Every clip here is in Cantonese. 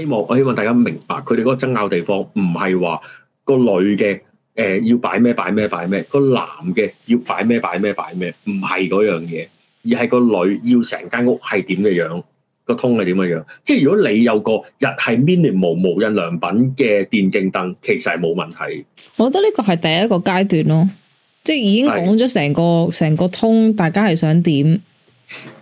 希望我希望大家明白，佢哋嗰個爭拗地方唔係話個女嘅誒、呃、要擺咩擺咩擺咩，個男嘅要擺咩擺咩擺咩，唔係嗰樣嘢，而係個女要成間屋係點嘅樣，個通係點嘅樣。即係如果你有個日係 minimal 無印良品嘅電競燈，其實係冇問題。我覺得呢個係第一個階段咯，即係已經講咗成個成個通，大家係想點？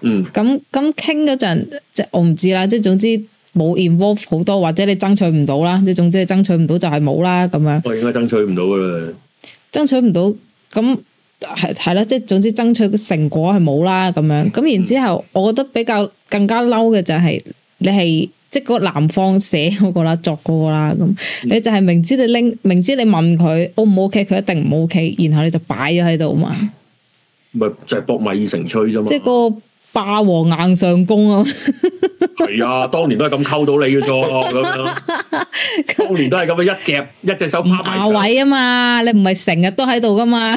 嗯，咁咁傾嗰陣，即係我唔知啦，即係總之。冇 involve 好多，或者你爭取唔到啦，即係總之爭取唔到就係冇啦咁樣。我應該爭取唔到噶啦，爭取唔到咁係係啦，即係總之爭取成果係冇啦咁樣。咁然之後，我覺得比較更加嬲嘅就係你係即係個男方寫嗰個啦，作嗰個啦咁，你就係明知你拎，明知你問佢 O 唔 OK，佢一定唔 OK，然後你就擺咗喺度嘛。咪就係博埋二成吹啫嘛。霸王硬上弓啊！係啊，當年都係咁溝到你嘅啫，咁樣。當年都係咁樣一夾，一隻手拍位啊嘛，你唔係成日都喺度噶嘛？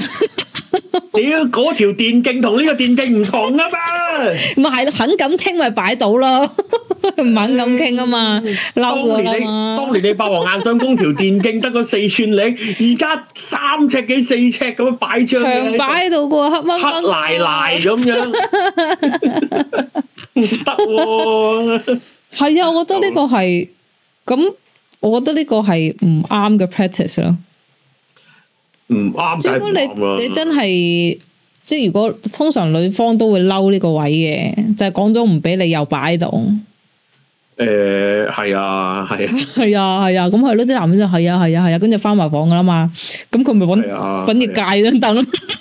屌，嗰條電競同呢個電競唔同啊嘛！咪係，肯咁傾咪擺到咯，唔肯咁傾啊嘛，嬲啦！當年你，當年你霸王硬上弓條電競得個四寸零，而家三尺幾四尺咁樣擺張長擺喺度個黑掹掹賴賴咁樣。唔得喎，係啊，我覺得呢個係咁， 我覺得呢個係唔啱嘅 practice 咯，唔啱。如果你你真係，即係，如果通常女方都會嬲呢個位嘅，就係講咗唔俾你又擺喺度。誒、欸，係啊，係啊，係啊，係啊，咁係咯，啲男人就係啊，係啊，係啊，跟住翻埋房噶啦嘛，咁佢咪搵搵業界等等咯。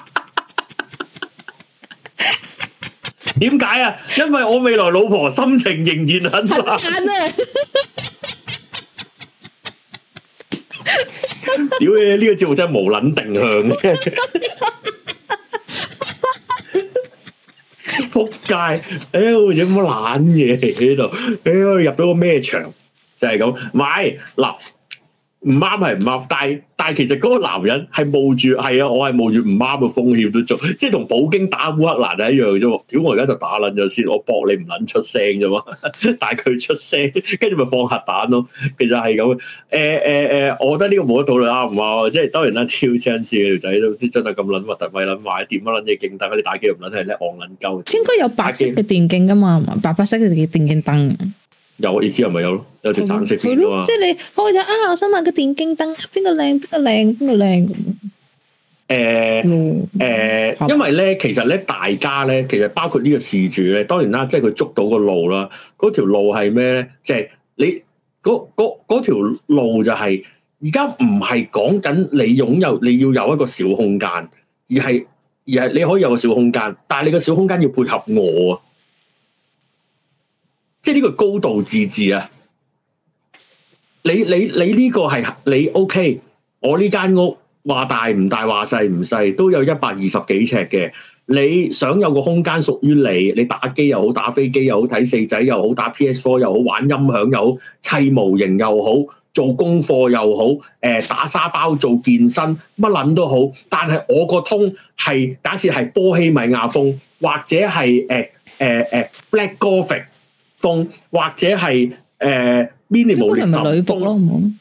點解啊？因為我未來老婆心情仍然很冷啊。 屌！屌你，呢個節目真係無捻定向嘅，撲街！哎呦，有乜懶嘢喺度？屌、哎，入到個咩場？就係、是、咁，買嗱。唔啱係唔啱，但但其實嗰個男人係冒住，係啊，我係冒住唔啱嘅風險都做，即係同普京打烏克蘭係一樣啫喎。屌，我而家就打撚咗先，我搏你唔撚出聲啫嘛。但係佢出聲，跟住咪放核彈咯。其實係咁，誒誒誒，我覺得呢個冇得討論啱唔啱？即係當然啦，超精緻嘅條仔都真係咁撚核突，咪撚買掂乜撚嘢勁大佢哋打機唔撚係咧戇撚鳩。應該有白色嘅電競噶嘛？白，白色嘅電競燈。有意 k 又咪有咯，有條橙色片啊嘛。即係你可以就啊，我想問個電競櫈，邊個靚，邊個靚，邊個靚咁。誒誒、欸欸，因為咧，其實咧，大家咧，其實包括個呢個事主咧，當然啦，即係佢捉到個路啦。嗰條路係咩咧？即、就、係、是、你嗰條路就係而家唔係講緊你擁有，你要有一個小空間，而係而係你可以有個小空間，但係你個小空間要配合我啊。即係呢個高度自治啊！你你你呢個係你 OK，我呢間屋話大唔大話細唔細都有一百二十幾尺嘅。你想有個空間屬於你，你打機又好，打飛機又好，睇四仔又好，打 P S Four 又好，玩音響又好，砌模型又好，做功課又好、呃，打沙包做健身乜撚都好。但係我個通係假設係波希米亞風，或者係、呃呃、Black Gothic。封或者係誒，邊啲冇心封？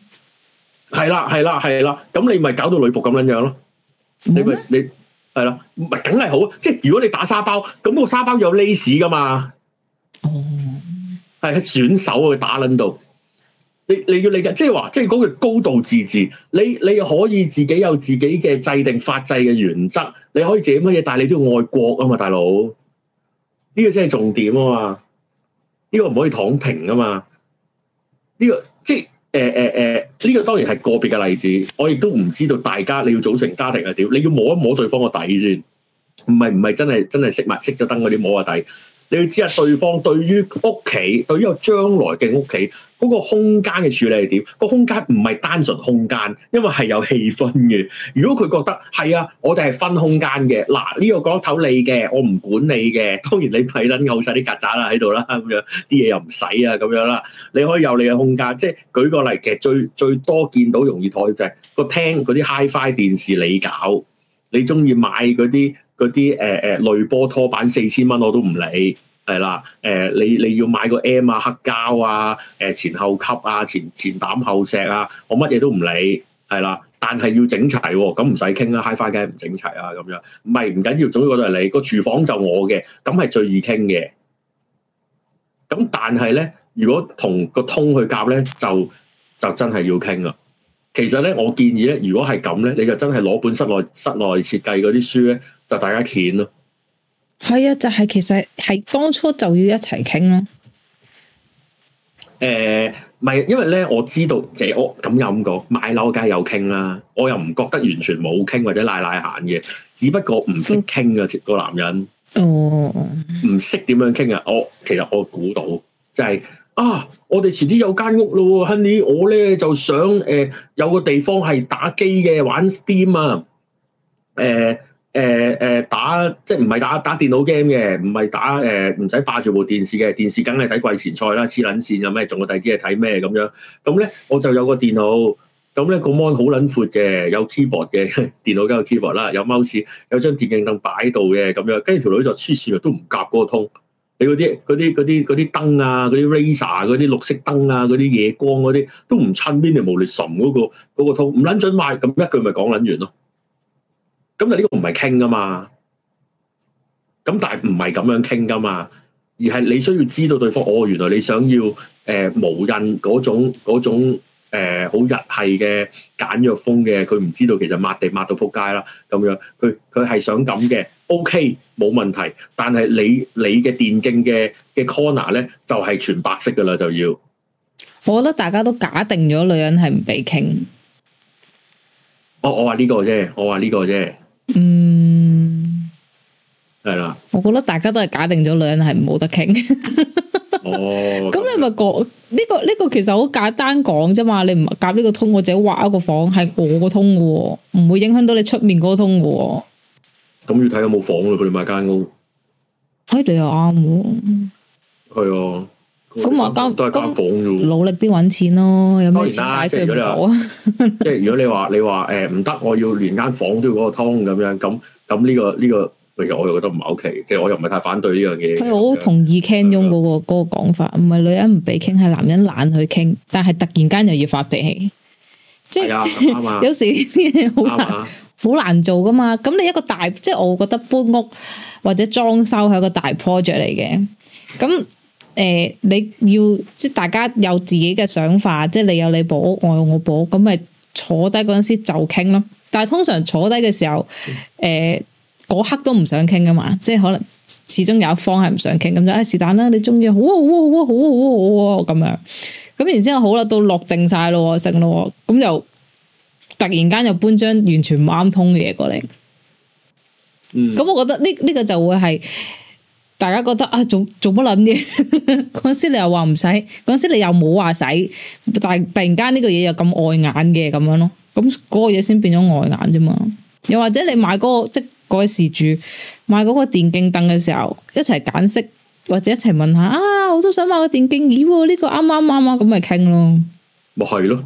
係啦係啦係啦，咁、嗯、你咪搞到女僕咁樣樣咯？你咪你係啦，唔係梗係好。即係如果你打沙包，咁個沙包有 lace 噶嘛？哦，係喺選手去打捻度。你你要理解，即係話，即係嗰句高度自治。你你可以自己有自己嘅制定法制嘅原則，你可以自己乜嘢，但係你都要愛國啊嘛，大佬。呢、這個先係重點啊嘛！呢、呢個唔可以躺平啊嘛！呢、呢個即係誒誒誒，呢、呃呃呢個當然係個別嘅例子。我亦都唔知道大家你要組成家庭係點？你要摸一摸對方個底先，唔係唔係真係真係熄埋熄咗燈嗰啲摸個底。你要知下對方對於屋企，對於個將來嘅屋企。嗰個空間嘅處理係點？個空間唔係單純空間，因為係有氣氛嘅。如果佢覺得係啊，我哋係分空間嘅。嗱，呢個講頭你嘅，我唔管你嘅。當然你弊撚好晒啲曱甴啦喺度啦，咁樣啲嘢又唔使啊，咁樣啦，你可以有你嘅空間。即係舉個例，其實最最多見到容易妥協就係個廳嗰啲 Hi-Fi 電視你搞，你中意買嗰啲嗰啲誒誒濾波拖板四千蚊我都唔理。係啦，誒、呃，你你要買個 M 啊，黑膠啊，誒、呃，前後級啊，前前膽後石啊，我乜嘢都唔理，係啦，但係要整齊喎，咁唔使傾啦，HiFi 梗係唔整齊啊，咁樣唔係唔緊要，總之嗰度係你、那個廚房就我嘅，咁係最易傾嘅。咁但係咧，如果同個通去夾咧，就就真係要傾啦。其實咧，我建議咧，如果係咁咧，你就真係攞本室內室內設計嗰啲書咧，就大家傾咯。係啊，就係、是、其實係當初就要一齊傾啊、呃。誒，唔係因為咧，我知道，我咁又咁講，買樓梗係有傾啦、啊。我又唔覺得完全冇傾或者賴賴閒嘅，只不過唔識傾噶個男人。哦，唔識點樣傾啊！我其實我估到就係、是、啊，我哋遲啲有間屋咯，Honey，我咧就想誒、呃、有個地方係打機嘅，玩 Steam 啊，誒、呃。誒、呃、誒、呃，打即係唔係打打電腦 game 嘅，唔係打誒，唔、呃、使霸住部電視嘅，電視梗係睇季前賽啦，黐撚線，有咩仲有第啲嘢睇咩咁樣？咁咧我就有個電腦，咁咧個 mon 好撚闊嘅，有 keyboard 嘅電腦梗有 keyboard 啦，有 mouse，有張電競凳擺度嘅咁樣，跟住條女就黐線，都唔夾嗰個通，你嗰啲嗰啲嗰啲嗰啲燈啊，嗰啲 Razer 嗰啲綠色燈啊，嗰啲夜光嗰啲都唔襯邊條毛你沉嗰個嗰、嗰個通，唔撚准賣，咁一句咪講撚完咯。咁但呢個唔係傾噶嘛，咁但係唔係咁樣傾噶嘛，而係你需要知道對方，哦，原來你想要誒、呃、無印嗰種嗰種誒好、呃、日系嘅簡約風嘅，佢唔知道其實抹地抹到仆街啦，咁樣佢佢係想咁嘅，OK 冇問題，但係你你嘅電競嘅嘅 corner 咧就係、是、全白色噶啦就要。我覺得大家都假定咗女人係唔俾傾。我我話呢個啫，我話呢個啫。嗯，係啦，我覺得大家都係假定咗女人係冇得傾。哦，咁 你咪講呢個呢、呢個其實好簡單講啫嘛，你唔夾呢個通，我只畫一個房係我個通嘅，唔會影響到你出面嗰個通嘅。咁、嗯、要睇有冇房咯，佢哋買間屋。哎，你又啱喎。係啊。咁我交咁努力啲揾錢咯，有咩錢解決唔到啊？即係如果你話 你話誒唔得，我要連間房都要嗰個劏咁樣，咁咁呢個呢個，其、這、實、個、我又覺得唔係好 OK，即係我又唔係太反對呢樣嘢。係我好同意 Ken Yong 嗰、嗰個講、嗰個、法，唔係女人唔俾傾，係男人懶去傾，但係突然間又要發脾氣，即係 有時啲嘢好難好難做噶嘛。咁你一個大即係我覺得搬屋或者裝修係一個大 project 嚟嘅，咁。誒、呃，你要即係大家有自己嘅想法，即係你有你保，我有我保屋，咁咪坐低嗰陣時就傾咯。但係通常坐低嘅時候，誒、呃，嗰刻都唔想傾噶嘛，即係可能始終有一方係唔想傾，咁就係是但啦。你中意，好、啊，好、啊，好、啊，好、啊、好好、啊、咁樣，咁然之後好啦、啊，到落定晒咯，成咯，咁就突然間又搬張完全唔啱通嘅嘢過嚟，嗯，咁我覺得呢呢、這個就會係。大家覺得啊做做乜撚嘢？嗰 陣時你又話唔使，嗰陣時你又冇話使，但突然間呢個嘢又咁礙眼嘅咁樣咯，咁、那、嗰個嘢先變咗礙眼啫嘛。又或者你買嗰、那個即嗰位住，那個、主買嗰個電競凳嘅時候，一齊揀色或者一齊問一下啊，我都想買個電競椅，呢、這個啱啱啱啱咁咪傾咯，咪係咯，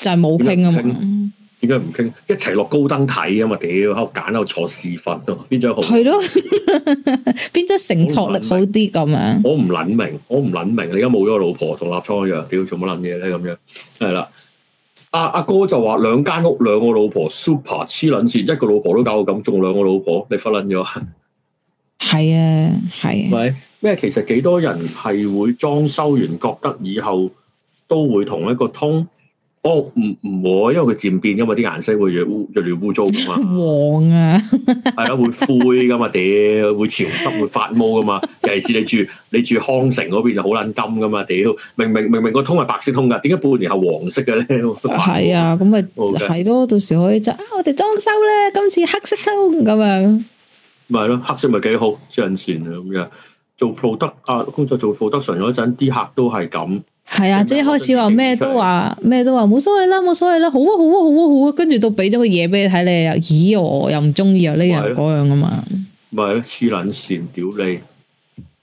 就係冇傾啊嘛。就是點解唔傾？一齊落高登睇啊嘛！屌，喺度揀喺度坐試瞓，邊張好？係咯，邊張承托力好啲咁樣？我唔捻明，我唔捻明，明。你而家冇咗個老婆同立倉一樣，屌做乜捻嘢咧？咁樣係啦。阿阿哥就話兩間屋兩個老婆，Super 黐捻線，一個老婆都搞到咁，仲兩個老婆，你忽捻咗？係啊，係、啊。係咩？其實幾多人係會裝修完覺得以後都會同一個通？哦唔唔會，因為佢漸變噶嘛，啲顏色會越污越嚟污糟噶嘛。黃啊，係 啊、哎，會灰噶嘛，屌會潮濕會發毛噶嘛。尤其是你住你住康城嗰邊就好撚金噶嘛，屌明明明明個通係白色通噶，點解半年係黃色嘅咧？係啊，咁咪，係、okay. 咯，到時可以就啊，我哋裝修咧，今次黑色通咁樣。咪係咯，黑色咪幾好，上船啊咁樣。做 product 啊，工作做 product 船嗰陣，啲客都係咁。係啊，即係一開始話咩都話咩都話冇所謂啦，冇所謂啦，好啊好啊好啊好啊，跟住，啊啊、都俾咗個嘢，俾你睇，你又咦我又唔中意啊呢樣嗰樣啊嘛，咪黐捻線屌你，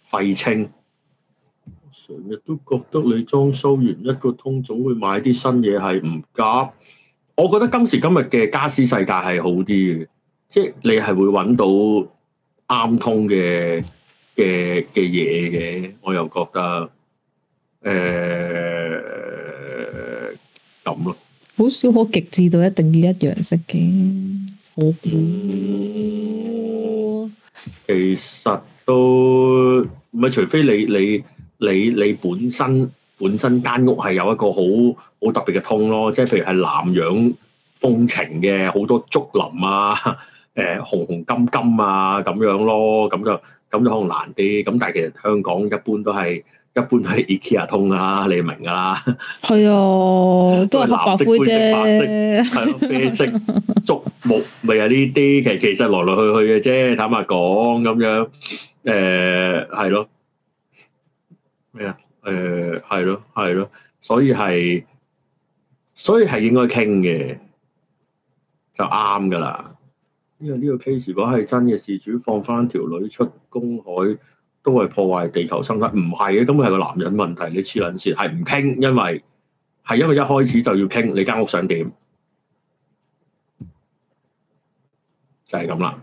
廢青！成日都覺得你裝修完一個通總會買啲新嘢係唔夾，我覺得今時今日嘅家私世界係好啲嘅，即係你係會揾到啱通嘅嘅嘅嘢嘅，我又覺得。誒，咁咯，好少好極致到一定要一樣式嘅，好，其實都唔係，除非你你你你本身本身間屋係有一個好好特別嘅通咯，即係譬如係南洋風情嘅，好多竹林啊，誒，紅紅金金啊，咁樣咯，咁就咁就可能難啲，咁但係其實香港一般都係。一般係 IKEA 通啦，你明噶啦。係啊，都係藍色、黑白灰、灰色、白色，係 咯啡色、竹木，咪係呢啲。其其實來來去去嘅啫，坦白講咁樣。誒、欸，係咯咩啊？誒、欸，係咯，係、欸、咯。所以係，所以係應該傾嘅，就啱噶啦。因為呢個呢個 case 如果係真嘅，事主放翻條女出公海。都係破壞地球生態，唔係嘅，咁係個男人問題。你黐撚線，係唔傾，因為係因為一開始就要傾你間屋想點，就係咁啦。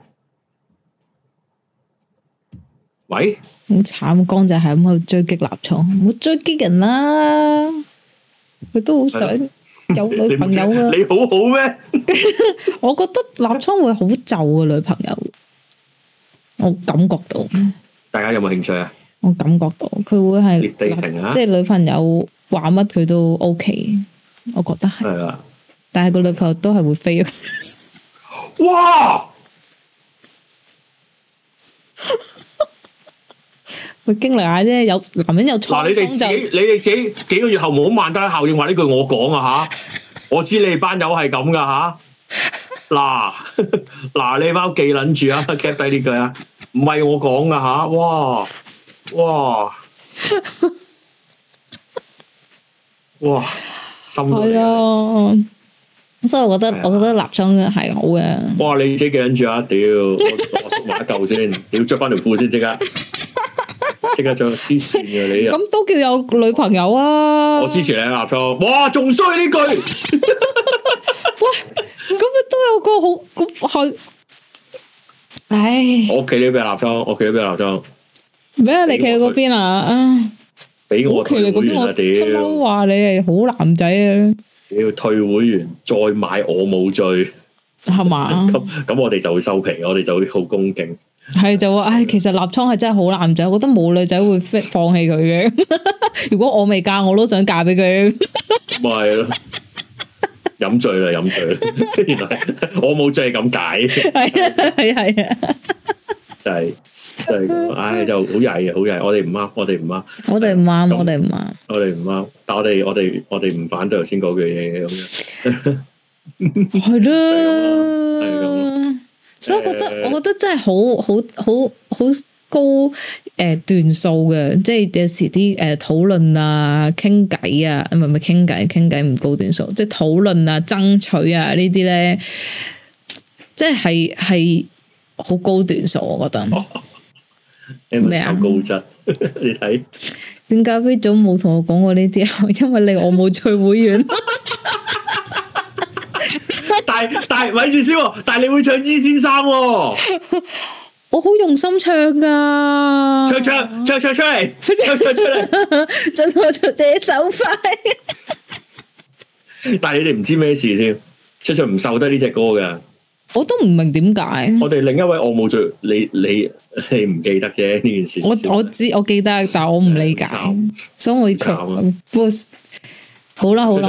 喂，好慘，江仔係咁喺度追擊立聰，唔好追擊人啦。佢都好想有女朋友噶。 你好好咩？ 我覺得立聰會好遷就個女朋友，我感覺到。大家有冇興趣啊？我感覺到佢會係，即係女朋友話乜佢都 OK，我覺得係。係啊，但係個女朋友都係會飛啊！哇！ 我經歷下啫，有男人有錯。嗱，你哋自己，你哋自己幾個月後冇咁萬得效應，話呢句我講啊吓！ 我知你哋班友係咁噶吓。嗱嗱，你包記捻住啊，記低呢句啊！唔係我講㗎吓，哇哇 哇，心裏嘅、啊。所以我覺得，我覺得我覺得立章係好嘅。哇！你自己記緊住啊？屌，我送埋一嚿先，你要著翻 條褲先即刻，即 刻着，黐線嘅你。咁都叫有女朋友啊？我支持你立章。哇！仲衰呢句。 喂，咁咪都有個好咁係。唉，我屋企喺邊啊，立倉，我企喺邊啊，立倉。咩？你企去嗰邊啊？啊，俾我企喺嗰邊，我屌，唔好話你係好男仔啊！你要退會員再買我， 我冇罪，係嘛？咁咁，我哋就會收皮，我哋就會好恭敬。係就話，唉，其實立倉係真係好男仔，我覺得冇女仔會放放棄佢嘅。 如果我未嫁，我都想嫁俾佢。咪 咯。飲醉啦，飲醉原來 我冇醉，係咁解。係啊，係啊，係啊，就係就係咁。唉，就好曳啊，好曳！我哋唔啱，我哋唔啱，我哋唔啱，我哋唔啱，我哋唔啱。但我哋我哋我哋唔反對頭先嗰句嘢咁、 就是、樣，係囉。係囉，所以我覺得，呃、我覺得真係好好好好。好好好高誒、呃、段數嘅，即係有時啲誒討論啊、傾偈啊，唔係唔係傾偈，傾偈唔高段數，即係討論啊、爭取啊呢啲咧，即係係好高段數，哦，我覺得咩啊高質，你睇點解 V 總冇同我講過呢啲啊？ 因為你我冇去會員 但，但係但係咪住先，但係你會唱伊、e、先生、哦。我好用心唱噶，唱唱唱唱出嚟，唱唱出嚟，準備做這手快。但係你哋唔知咩事先，唱唱唔受得呢隻歌噶。我都唔明點解。我哋另一位我冇做，你你你唔記得啫呢件事。我我知我記得，但我唔理解，所以我佢。好啦，好啦。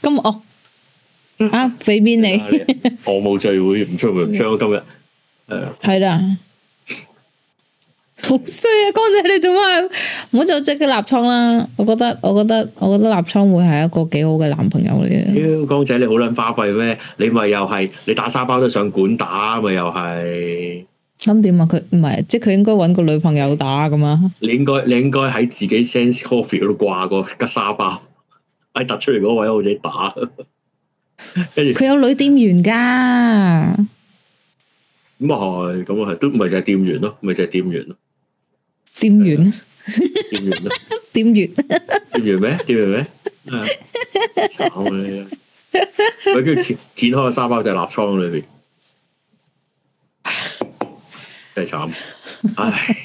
咁 惡、哦、啊！肥邊你、嗯啊、你？我冇聚會唔出唔出今日誒，係、啊、啦，好衰啊！光仔你做乜？唔好做只嘅立倉啦！我覺得，我覺得，我覺得立倉會係一個幾好嘅男朋友嚟嘅。妖光仔你好卵巴閉咩？你咪又係你打沙包都想管打咪又係？咁點啊？佢唔係即係佢應該揾個女朋友打㗎嘛？你應該你應該喺自己 Sense Coffee 嗰度掛個吉沙包。係突出嚟嗰位，好似打，跟住佢有女店員噶，咁啊係，咁啊係，都唔係就係店員咯，咪就係店員咯，店員咯，店員咯，店員，店員咩？店員咩？我跟住揭揭開個沙包，就係立倉裏邊，真係慘，唉。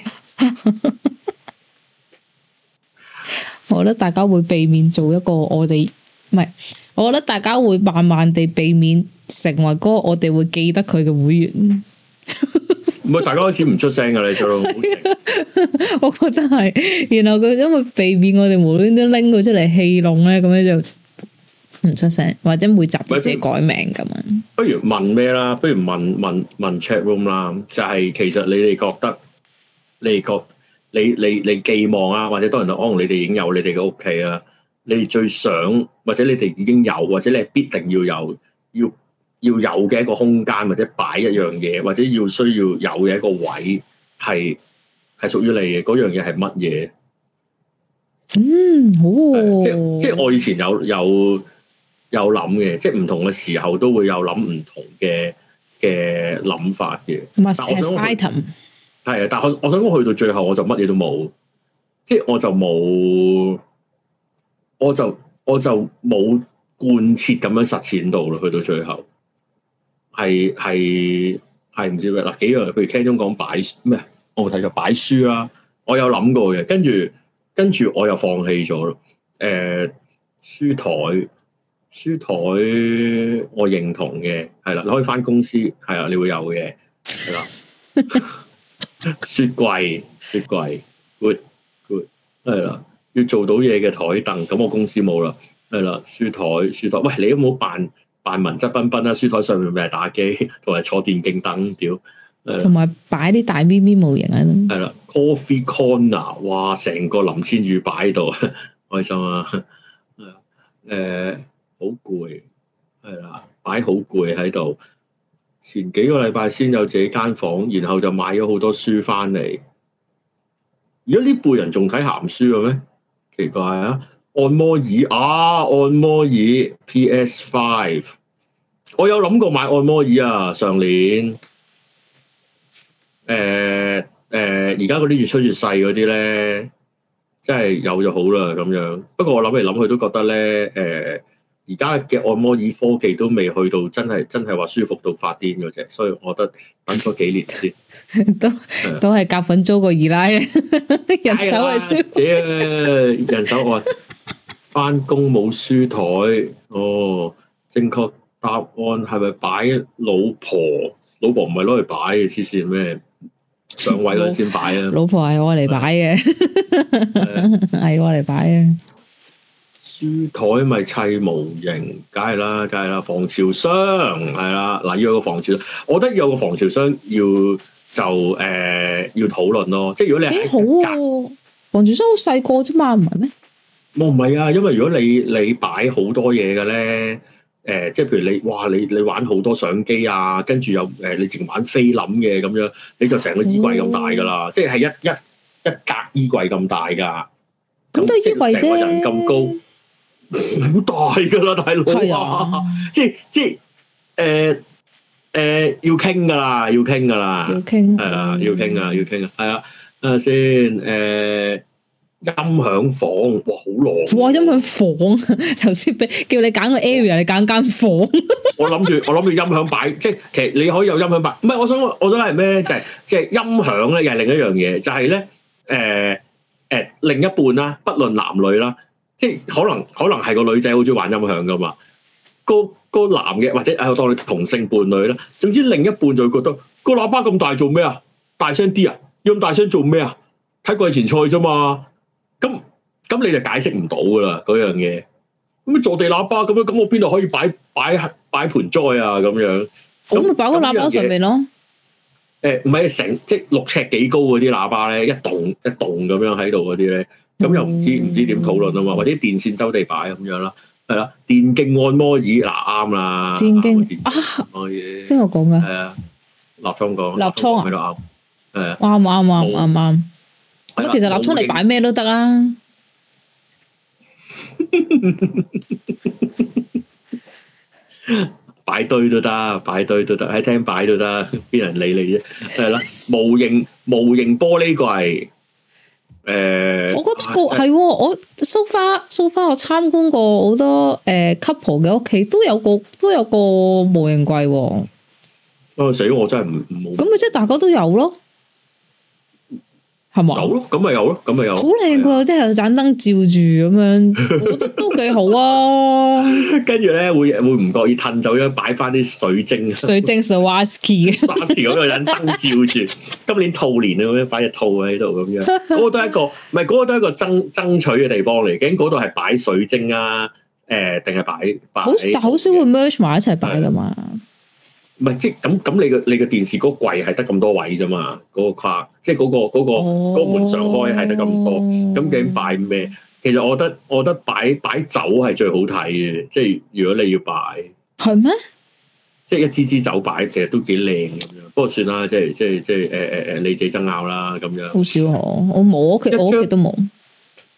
我覺得大家會避免做一個我哋，唔係，我覺得大家會慢慢地避免成為嗰個我哋會記得佢嘅會員。唔係，大家開始唔出聲嘅咧，將、啊、我覺得係，然後佢因為避免我哋無端端拎佢出嚟戲弄咧，咁樣就唔出聲，或者每集自己,自己改名咁樣。不如問咩啦？不如問問問,問 chat room 啦，就係其實你哋覺得，你哋覺。你你你寄望啊，或者當然可能你哋已經有你哋嘅屋企啊，你哋最想或者你哋已經有或者你係必定要有要要有嘅一個空間，或者擺一樣嘢，或者要需要有嘅一個位，係係屬於你嘅嗰樣嘢係乜嘢？嗯，好、哦，即即係我以前有有有諗嘅，即係唔同嘅時候都會有諗唔同嘅嘅諗法嘅。must have item。係啊，但係我我想講去到最後，我沒我沒，我就乜嘢都冇，即係我就冇，我就我就冇貫徹咁樣實踐到咯。去到最後，係係係唔知咩啦？幾個譬如聽中講擺咩，我睇就擺書啦，啊，我有諗過嘅，跟住跟住我又放棄咗咯。誒、呃，書台書台，我認同嘅係啦，你可以返公司係啊，你會有嘅係啦。 雪櫃，雪櫃，good，good，係啦，要做到嘢嘅台凳，咁我公司冇啦，係啦，書台，書台，喂，你都冇扮扮文質彬彬啦、啊，書台上面咪係打機，同埋坐電競凳，屌，同埋擺啲大咪咪模型啊，係啦，coffee corner，哇，成個林千語擺喺度，開心啊，誒，好、呃、攰，係啦，擺好攰喺度。前幾個禮拜先有自己間房，然後就買咗好多書翻嚟。而家呢輩人仲睇鹹書嘅咩？奇怪啊！按摩椅啊，按摩椅，PS Five。我有諗過買按摩椅啊，上年。誒、呃、誒，而家嗰啲越出越細嗰啲咧，真係有就好啦咁樣。不過我諗嚟諗去都覺得咧，誒、呃。而家嘅按摩椅科技都未去到真係真係話舒服到發癲嗰隻，所以我覺得等咗幾年先、 啊，都都係夾粉租個二奶啊！人手係舒服、哎。人手我翻工，冇書台哦。正確答案係咪擺老婆？老婆唔係攞嚟擺嘅，黐線咩？上位佢先擺啊！老，是啊老婆係我嚟擺嘅，係、啊啊啊、我嚟擺嘅。書枱咪砌模型，梗係啦，梗係啦，防潮箱係啦，嗱要有個防潮箱，我覺得有個防潮箱要就誒、呃、要討論咯，即係如果你喺幾好，防潮箱好細個啫嘛，唔係咩？我唔係啊，因為如果你你擺好多嘢嘅咧，誒、呃，即係譬如你哇，你你玩好多相機啊，跟住又誒，你淨玩菲林嘅咁樣，你就成個衣櫃咁大噶啦，即係一一一格衣櫃咁大噶，咁、嗯、都衣櫃啫，個人咁、嗯、高。嗯好大噶啦，大佬，即係即係誒誒，要傾噶啦，要傾噶啦，要傾係啦，要傾啊、嗯，要傾啊，係啊，等下先誒、呃，音響房哇，好耐哇，音響房，頭先俾叫你揀個 area，你揀間房，我諗住我諗住音響擺， 即係其實你可以有音響擺，唔係我想我想係咩，就係即係音響咧，又係另一樣嘢，就係咧誒誒，另一半啦，不論男女啦。即係可能可能係個女仔好中意玩音響噶嘛，個個男嘅或者誒當你同性伴侶啦，總之另一半就會覺得個喇叭咁大做咩啊？大聲啲啊？要咁大聲做咩啊？睇季前賽啫嘛，咁咁你就解釋唔到噶啦嗰樣嘢。咁坐地喇叭咁樣，咁我邊度可以擺擺擺盆栽啊？咁樣咁咪擺個喇叭上面咯。誒，唔係成即係六尺幾高嗰啲喇叭咧，欸，一棟一棟咁樣喺度嗰啲咧。咁、嗯、又唔知唔知點討論啊嘛？或者電線周地擺咁樣啦，係啦，電競按摩椅嗱啱啦。電競啊，邊個講噶？係啊，立倉講。立倉喺度嘔。係。啱啱啱啱啱。咁其實立倉你擺咩都得啦，啊，擺 堆都得，擺堆都得，喺廳擺都得，邊人理你啫？係啦，模型，模型玻璃櫃。誒、uh,，我覺得個係，uh, 對 uh, 我 so far 蘇花蘇花，我參觀過好多誒、uh, couple 嘅屋企，都有個都有個模型櫃喎、啊。啊、uh, 死我真係唔唔好。咁咪即係大家都有咯。有咯，咁咪有咯，咁咪有。好靚噶，即係有盞燈照住咁樣， 我覺得都幾好啊。跟住咧會會唔覺意褪走咁樣擺翻啲水晶。水晶 Swarovski，霎時嗰有盞燈照住， 今年兔年啊，咁樣擺隻兔喺度咁樣。嗰、嗰個都係一個，唔係嗰個都係一個爭爭取嘅地方嚟。咁嗰度係擺水晶啊，誒、呃，定係擺擺？但好少會 merge 埋一齊擺噶嘛。唔係即係咁咁，你嘅你嘅電視嗰個櫃係得咁多位啫嘛，嗰、嗰個框即係、嗰、嗰個嗰、嗰個嗰個 oh. 個門上開係得咁多，咁竟擺咩？其實我覺得我覺得擺擺酒係最好睇嘅，即係如果你要擺係咩？即係一支支酒擺，其實都幾靚咁樣。不過算啦，即係即係即係誒誒誒，你自己爭拗啦咁樣。好少我我冇，我屋企我屋企都冇。誒、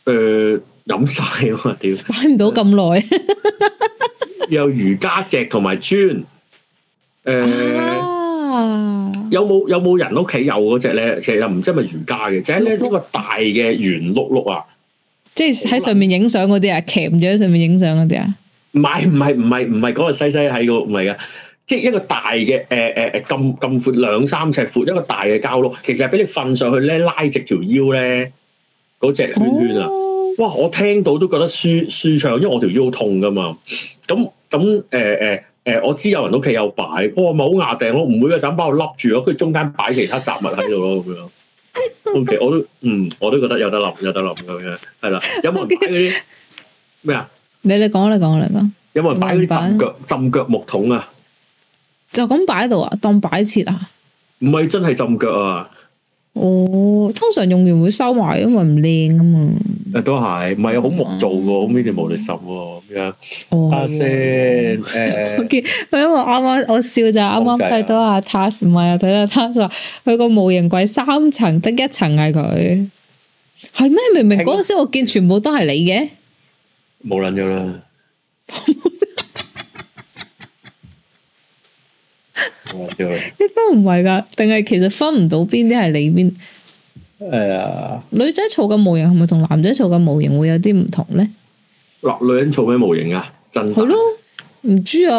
呃，飲晒我屌，擺唔到咁耐。 有瑜伽席同埋磚。誒、欸啊，有冇有冇人屋企有嗰隻咧？其實唔知係咪瑜伽嘅，即係咧，一個大嘅圓碌碌啊！即係喺上面影相嗰啲啊，鉗住喺上面影相嗰啲啊？唔係唔係唔係唔係嗰個細細喺度，唔係啊。即係一個大嘅，誒誒誒咁咁闊兩三尺闊，一個大嘅膠碌，其實係俾你瞓上去咧，拉直條腰咧嗰隻圈圈啊！哇、哦，我聽到都覺得舒舒暢，因為我條腰痛噶嘛。咁咁誒誒。嗯、我知有人屋企有擺，我咪好牙釘咯，唔會個枕包笠住咯，佢中間擺其他雜物喺度咯咁樣。O.K. 我都嗯，我都覺得有得諗，有得諗咁樣。係啦，有冇人啲咩啊？你講你講啦，講嚟講。有冇人擺啲浸腳，有有浸，腳浸腳木桶啊？就咁擺喺度啊？當擺設啊？唔係真係浸腳啊？哦，通常用完會收埋，因為唔靚啊嘛。都係，唔係好木造嘅，好咩條 minimal 咁樣。哦，阿星，我、欸 okay，因為我啱啱我笑就啱啱睇到阿 Task，唔係啊，睇到 Task 話佢個模型櫃三層得一層係佢，係咩？明明嗰陣時我見全部都係你嘅，冇諗咗啦。 應該唔係噶，定係其實分唔到邊啲係你邊。係啊，女仔做嘅模型係咪同男仔做嘅模型會有啲唔同咧？嗱，女人做咩模型啊？真係咯，唔知啊。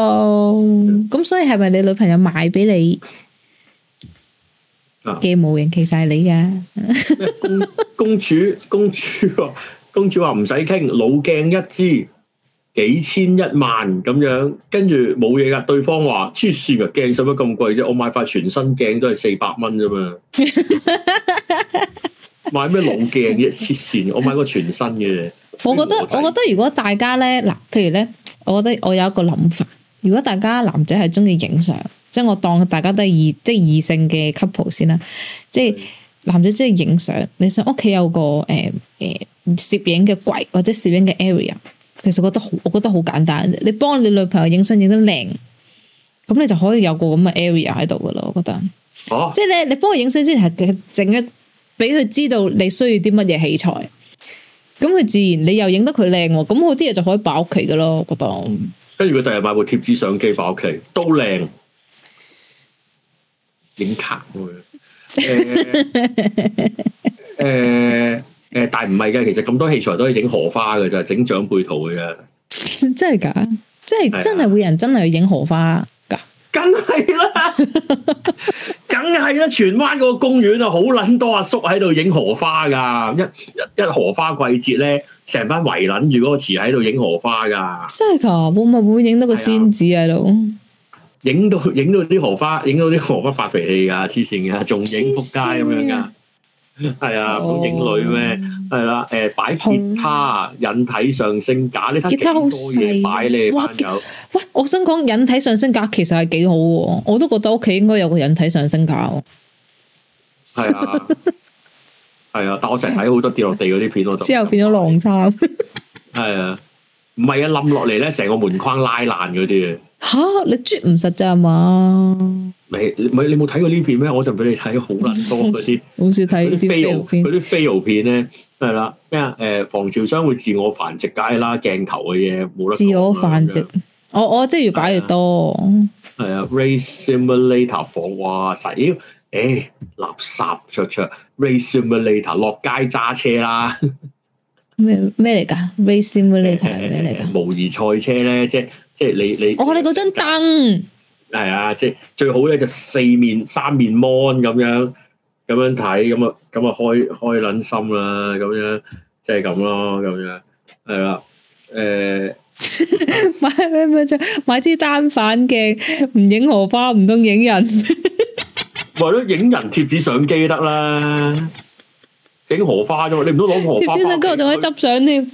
咁所以係咪你女朋友買俾你啊？嘅模型其實係你噶。公主，公主，公主話唔使傾，老鏡一支。幾千一萬咁樣，跟住冇嘢噶。對方話：黐線啊，鏡使乜咁貴啫？我買塊全新鏡都係四百蚊啫嘛。 買咩老鏡嘅黐線？我買個全新嘅。我覺得我覺得如果大家咧嗱，譬如咧，我覺得我有一個諗法。如果大家男仔係中意影相，即係我當大家都係異即係異性嘅 couple 先啦。即係男仔中意影相，你想屋企有個誒誒、呃、攝影嘅櫃或者攝影嘅 area？其實覺得好，我覺得好簡單。你幫你女朋友影相影得靚，咁你就可以有個咁嘅 area 喺度噶啦。我覺得，哦、即係咧，你幫佢影相之前係整一，俾佢知道你需要啲乜嘢器材。咁佢自然你又影得佢靚，咁好啲嘢就可以擺屋企噶咯。我覺得。跟住佢第日買部貼紙相機擺屋企，都靚，影 卡咁樣。誒、呃。 呃呃誒，但係唔係嘅，其實咁多器材都係影荷花嘅咋，整長輩圖嘅咋 真係噶？即係真係會人真係去影荷花噶？梗係啦，梗係啦，荃灣嗰個公園啊，好捻多阿叔喺度影荷花噶，一一,一荷花季節咧，成班圍捻住嗰個池喺度影荷花噶。真係噶？會唔會影到個仙子喺度？影 到影到啲荷花，影到啲荷花發脾氣噶，黐線嘅，仲影仆街咁樣噶。係啊，冇影女咩？係啦，誒，擺吉他、oh. 引體上升架，吉他好多嘢擺咧，番友。喂，我想講引體上升架其實係幾好嘅，我都覺得屋企應該有個引體上升架。係啊，係啊，但我成日睇好多跌落地嗰啲片，我之後變咗浪衫。係 啊，唔係啊，冧落嚟咧，成個門框拉爛嗰啲。吓，你專唔實際係嘛？你唔係，你冇睇過呢片咩？我就俾你睇好捻多嗰啲，好少睇嗰啲 fail 片，嗰啲 fail 片咧係啦咩啊？誒，防潮箱會自我繁殖街啦，鏡頭嘅嘢冇得自我繁殖，我我，oh, oh, 即係越擺越多。係啊，啊，race simulator 房哇，實、哎、誒，垃圾灼灼，race simulator 落街揸車啦。咩咩嚟噶？race simulator 係咩嚟噶？模擬賽車咧即。就是即係你你，我哋嗰張凳係啊，即係最好咧就四面三面 mon 咁樣，咁樣睇，咁啊咁啊開開捻心啦，咁樣即係咁咯，咁樣係啦，誒 買咩咩啫？買支單反鏡，唔影荷花唔通影人，咪咯影人貼紙相機得啦，影荷 花啫，你唔通攞荷花？貼紙喺度仲可以執相添。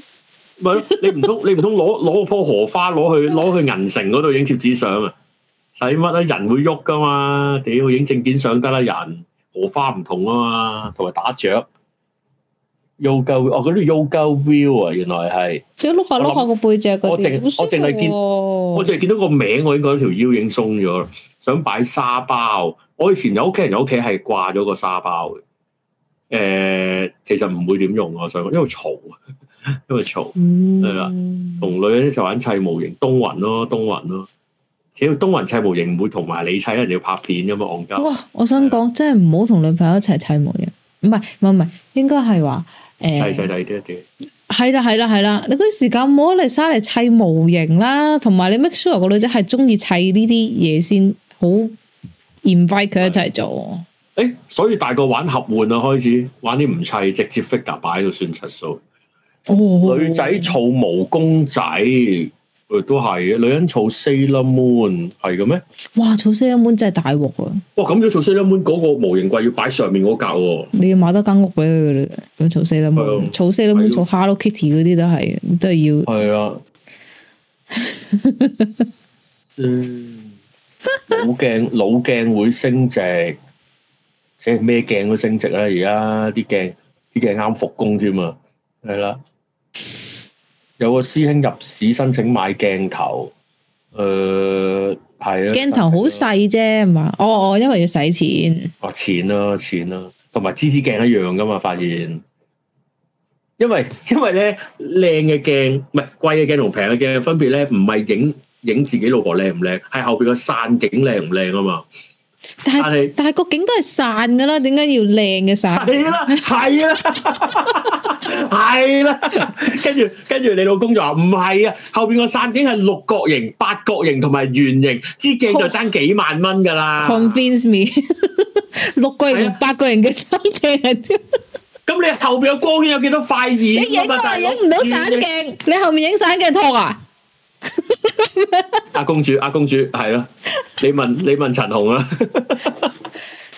唔係，你唔通你唔通攞攞棵荷花攞去攞去銀城嗰度影貼紙相啊？使乜啊？人會喐噶嘛？屌，影證件相得啦，人荷花唔同啊嘛，同埋打雀。Ugo 哦，嗰啲 Ugo view 啊，原來係即碌下碌下個背脊我淨我淨係、啊、見我淨係見到個名，我應該條腰影鬆咗想擺沙包，我以前有屋企人有屋企係掛咗個沙包嘅。誒、呃，其實唔會點用啊，我想因為嘈。因為嘈係啦，同、嗯、女人一齊玩砌模型，東雲咯，東雲咯。只要東雲砌模型唔會同埋你砌，人哋要拍片咁戇交。哇！我想講真係唔好同女朋友一齊砌模型，唔係唔係唔係，應該係話誒，細細啲一啲。係啦係啦係啦，你嗰啲時間冇得嚟，沙嚟砌模型啦，同埋你 make sure 個女仔係中意砌呢啲嘢先，好 invite 佢一齊做。誒、欸，所以大個玩合換啊，開始玩啲唔砌，直接 figure 擺喺度算七數。哦、女仔儲毛公仔，都係嘅。女人儲 Sailor Moon 係嘅咩？哇！儲 Sailor Moon 真係大鑊啊！哇、哦！咁要儲 Sailor Moon 嗰個模型櫃要擺上面嗰格喎、啊。你買間要買多間屋俾佢啦。儲 Sailor Moon，儲 Sailor Moon，儲 Hello Kitty 嗰啲都係，都係要。係啊。 嗯，老鏡老鏡會升值，即係咩鏡都升值啊？而家啲鏡啲鏡啱復工添啊，係啦。有個師兄入市申請買鏡頭，誒係啊，鏡頭好細啫嘛。哦哦，因為要使錢。哦，錢啦、啊，錢啦、啊，同埋支支鏡一樣噶嘛。發現，因為因為咧靚嘅鏡唔係貴嘅鏡同平嘅鏡的分別咧，唔係影影自己老婆靚唔靚，係後邊個散景靚唔靚啊嘛。但係但係個景都係散嘅啦，點解要靚嘅散？係啦，係啊！係 啦。跟住跟住，你老公就話唔係啊，後邊個散景係六角形、八角形同埋圓形，支鏡就爭幾萬蚊噶啦。Oh, convince me， 六角形、八角形嘅散、， 啊、散鏡啊！咁你後邊有光圈有幾多塊耳？你影都係影唔到散鏡，你後面影散鏡禿啊！ 阿公主，阿公主，係咯？你問你問陳紅啦。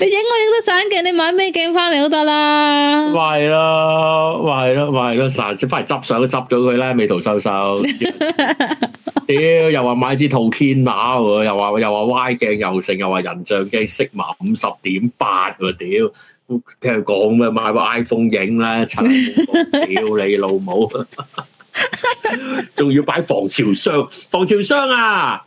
你影我影得相鏡，你買咩鏡翻嚟都得啦。壞咯，壞咯，壞咯，成日翻嚟執相都執咗佢咧，美圖秀秀。屌，又話買支圖 Ken 寶，又話又話歪鏡又剩，又話人像機色盲五十點八喎，屌！聽佢講咩，買部 iPhone 影啦，陳紅，屌你老母。仲要擺防潮箱，防潮箱啊！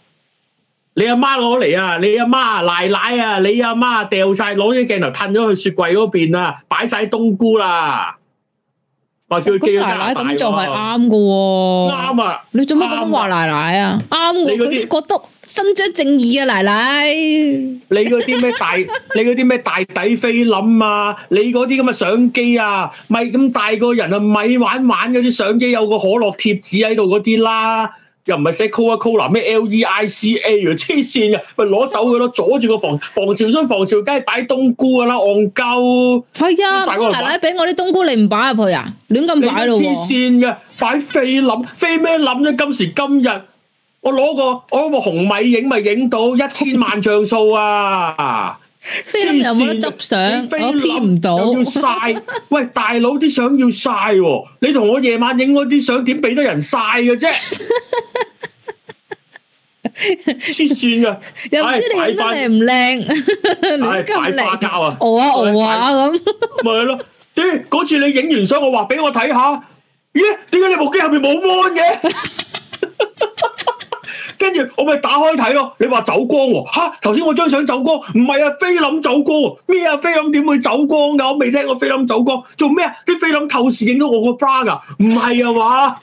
你阿媽攞嚟啊！你阿媽奶奶啊！你阿媽掉晒，攞啲鏡頭褪咗去雪櫃嗰邊啊，擺晒冬菇啦。話叫佢記得帶。奶奶咁做係啱噶，啱啊！你做乜咁樣話奶奶啊？啱我，佢先覺得。伸張正義啊，奶奶！你嗰啲咩大， 你嗰啲咩大底菲林啊！你嗰啲咁嘅相機啊，咪咁大個人啊，咪玩玩嗰啲相機有個可樂貼紙喺度嗰啲啦，又唔係寫 Coca Cola 咩 LEICA，啊，黐線啊！咪攞走佢咯，阻住個防防潮箱防潮梗係擺冬菇噶啦，戇鳩。係、哎、啊，大個奶奶俾我啲冬菇，你唔擺入去啊？亂咁擺咯，黐線嘅，擺菲林，飛咩冧咗今時今日。我攞個我攞部紅米影，咪影到一千萬像素啊！黐綫，我執相我諗唔到晒。喂，大佬啲相要晒，你同我夜晚影嗰啲相點俾得人晒嘅啫？黐綫噶，又唔知你影得靚唔靚？你咁靚，我啊我啊咁，咪係咯？咦，嗰次你影完相，我話俾我睇下，咦？點解你部機下面冇芒嘅？跟住我咪打開睇咯，你話走光喎、哦、嚇！頭、啊、先我張相走光，唔係啊，菲林走光咩啊？菲林點會走光噶？我未聽過菲林走光，做咩啊？啲菲林透視影到我個 bra 噶，唔係啊嘛？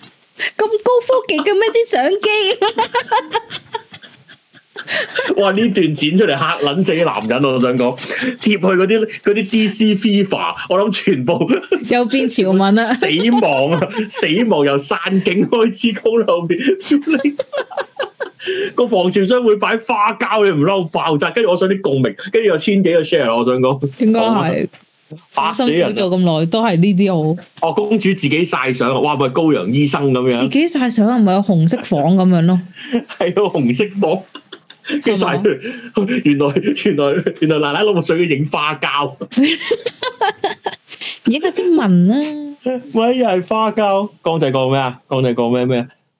咁高科技嘅咩啲相機？ 哇！呢段剪出嚟吓撚死嘅男人、啊，我都想講貼 去嗰啲啲 DC Fever，我諗全部 又變潮文啦、啊！ 死亡啊，死亡由散景開始，高後面。 個防潮箱會擺花膠，你唔嬲爆炸？跟住我想啲共鳴，跟住有千幾個 share，我想講，應該係，辛苦做咁耐都係呢啲好。哦，公主自己曬相，哇！咪高陽醫生咁樣，自己曬相咪有紅色房咁樣咯，係 個紅色房，跟住原來原來原來奶奶攞個水去影花膠，而家啲文啦，喂，咪係花膠。江仔講咩啊？江仔講咩咩？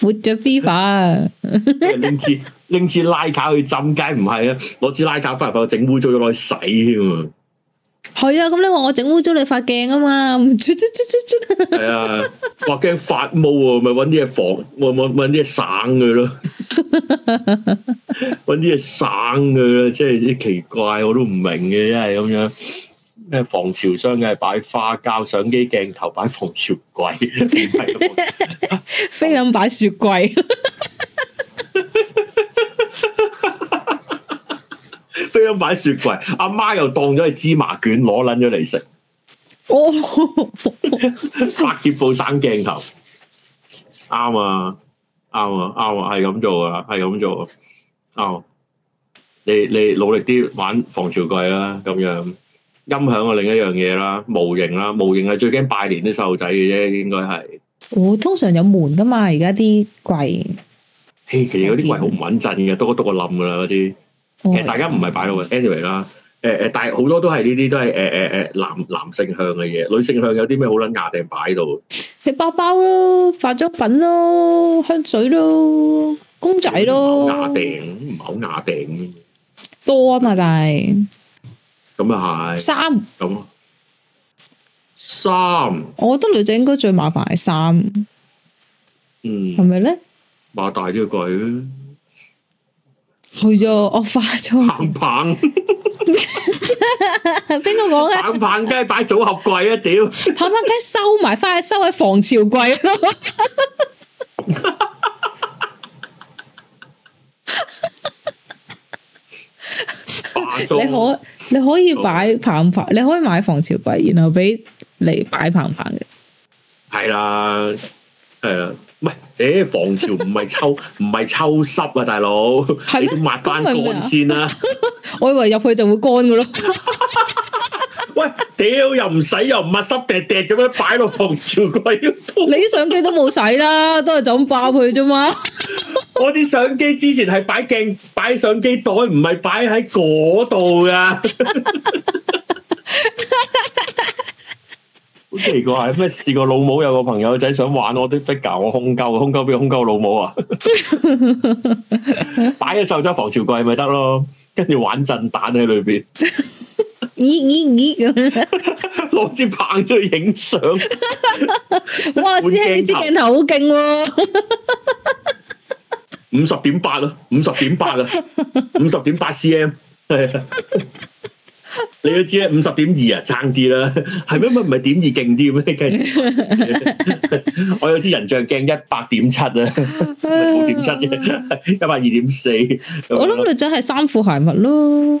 活著 fever 啊！ 拎支拎支拉卡去浸街唔係啊！攞支拉卡翻入我整污糟咗落去洗添啊！係 啊！咁你話我整污糟你發鏡啊嘛？係啊！發鏡發毛啊！咪搵啲嘢防，我搵啲嘢省佢咯。搵啲嘢省佢咯，即係啲奇怪，我都唔明嘅，真係咁樣。咩防潮箱嘅，擺花膠相機鏡頭，擺防潮櫃，飛咁擺雪櫃，飛咁擺雪櫃，阿媽又當咗係芝麻卷，攞捻咗嚟食，哦，百潔布省鏡頭，啱 啊，啱啊，啱啊，係咁做啊，係咁做啊，哦、啊，你你努力啲玩防潮櫃啦，咁樣。音響啊，另一樣嘢啦，模型啦，模型係最驚拜年啲細路仔嘅啫，應該係。我通常有門噶嘛，而家啲櫃。嘿，其實嗰啲櫃好唔穩陣嘅，篤篤篤個冧噶啦嗰啲。其實大家唔係擺到 anyway 啦，誒誒，但係好多都係呢啲都係誒誒誒男男性向嘅嘢，女性向有啲咩好捻雅定擺到？食包包咯，化妝品咯，香水咯，公仔咯，雅定唔係好雅定。多啊嘛，但係。咁啊係，衫咁，衫，我覺得女仔應該最麻煩係衫，嗯，係咪咧？買大啲櫃咧，係啊，惡化咗。棒棒，邊個講咧？棒棒雞擺組合櫃啊屌！棒棒雞收埋翻去收喺防潮櫃咯。你好？你可以擺棒棒，你可以買防潮櫃，然後俾嚟擺棒棒嘅。係啦，係啊，唔係，啲、哎、防潮唔係抽唔係抽濕啊，大佬，你都抹翻乾先啦。 我以為入去就會乾嘅咯。 喂，屌又唔使又唔係濕掟掟，做咩擺落防潮櫃？你啲相機都冇使啦，都係就咁爆佢啫嘛？我啲相機之前係擺鏡、擺相機袋，唔係擺喺嗰度噶。好奇怪，咩？試過老母有個朋友仔想玩我啲 figure，我空鳩，空鳩畀空鳩老母啊！擺喺受咗防潮櫃咪得咯，跟住玩震彈喺裏邊。咦咦咦咁攞支棒出去影相？哇！師兄，你支鏡頭好勁喎！五十點八咯，五十點八啊，五十點八 cm。你都知咧，五十點二啊，爭啲啦，係咩？咪唔係點二勁啲咩？我有支人像鏡一百點七啊，一百點七，一百二點四。我諗女仔係衫褲鞋襪咯。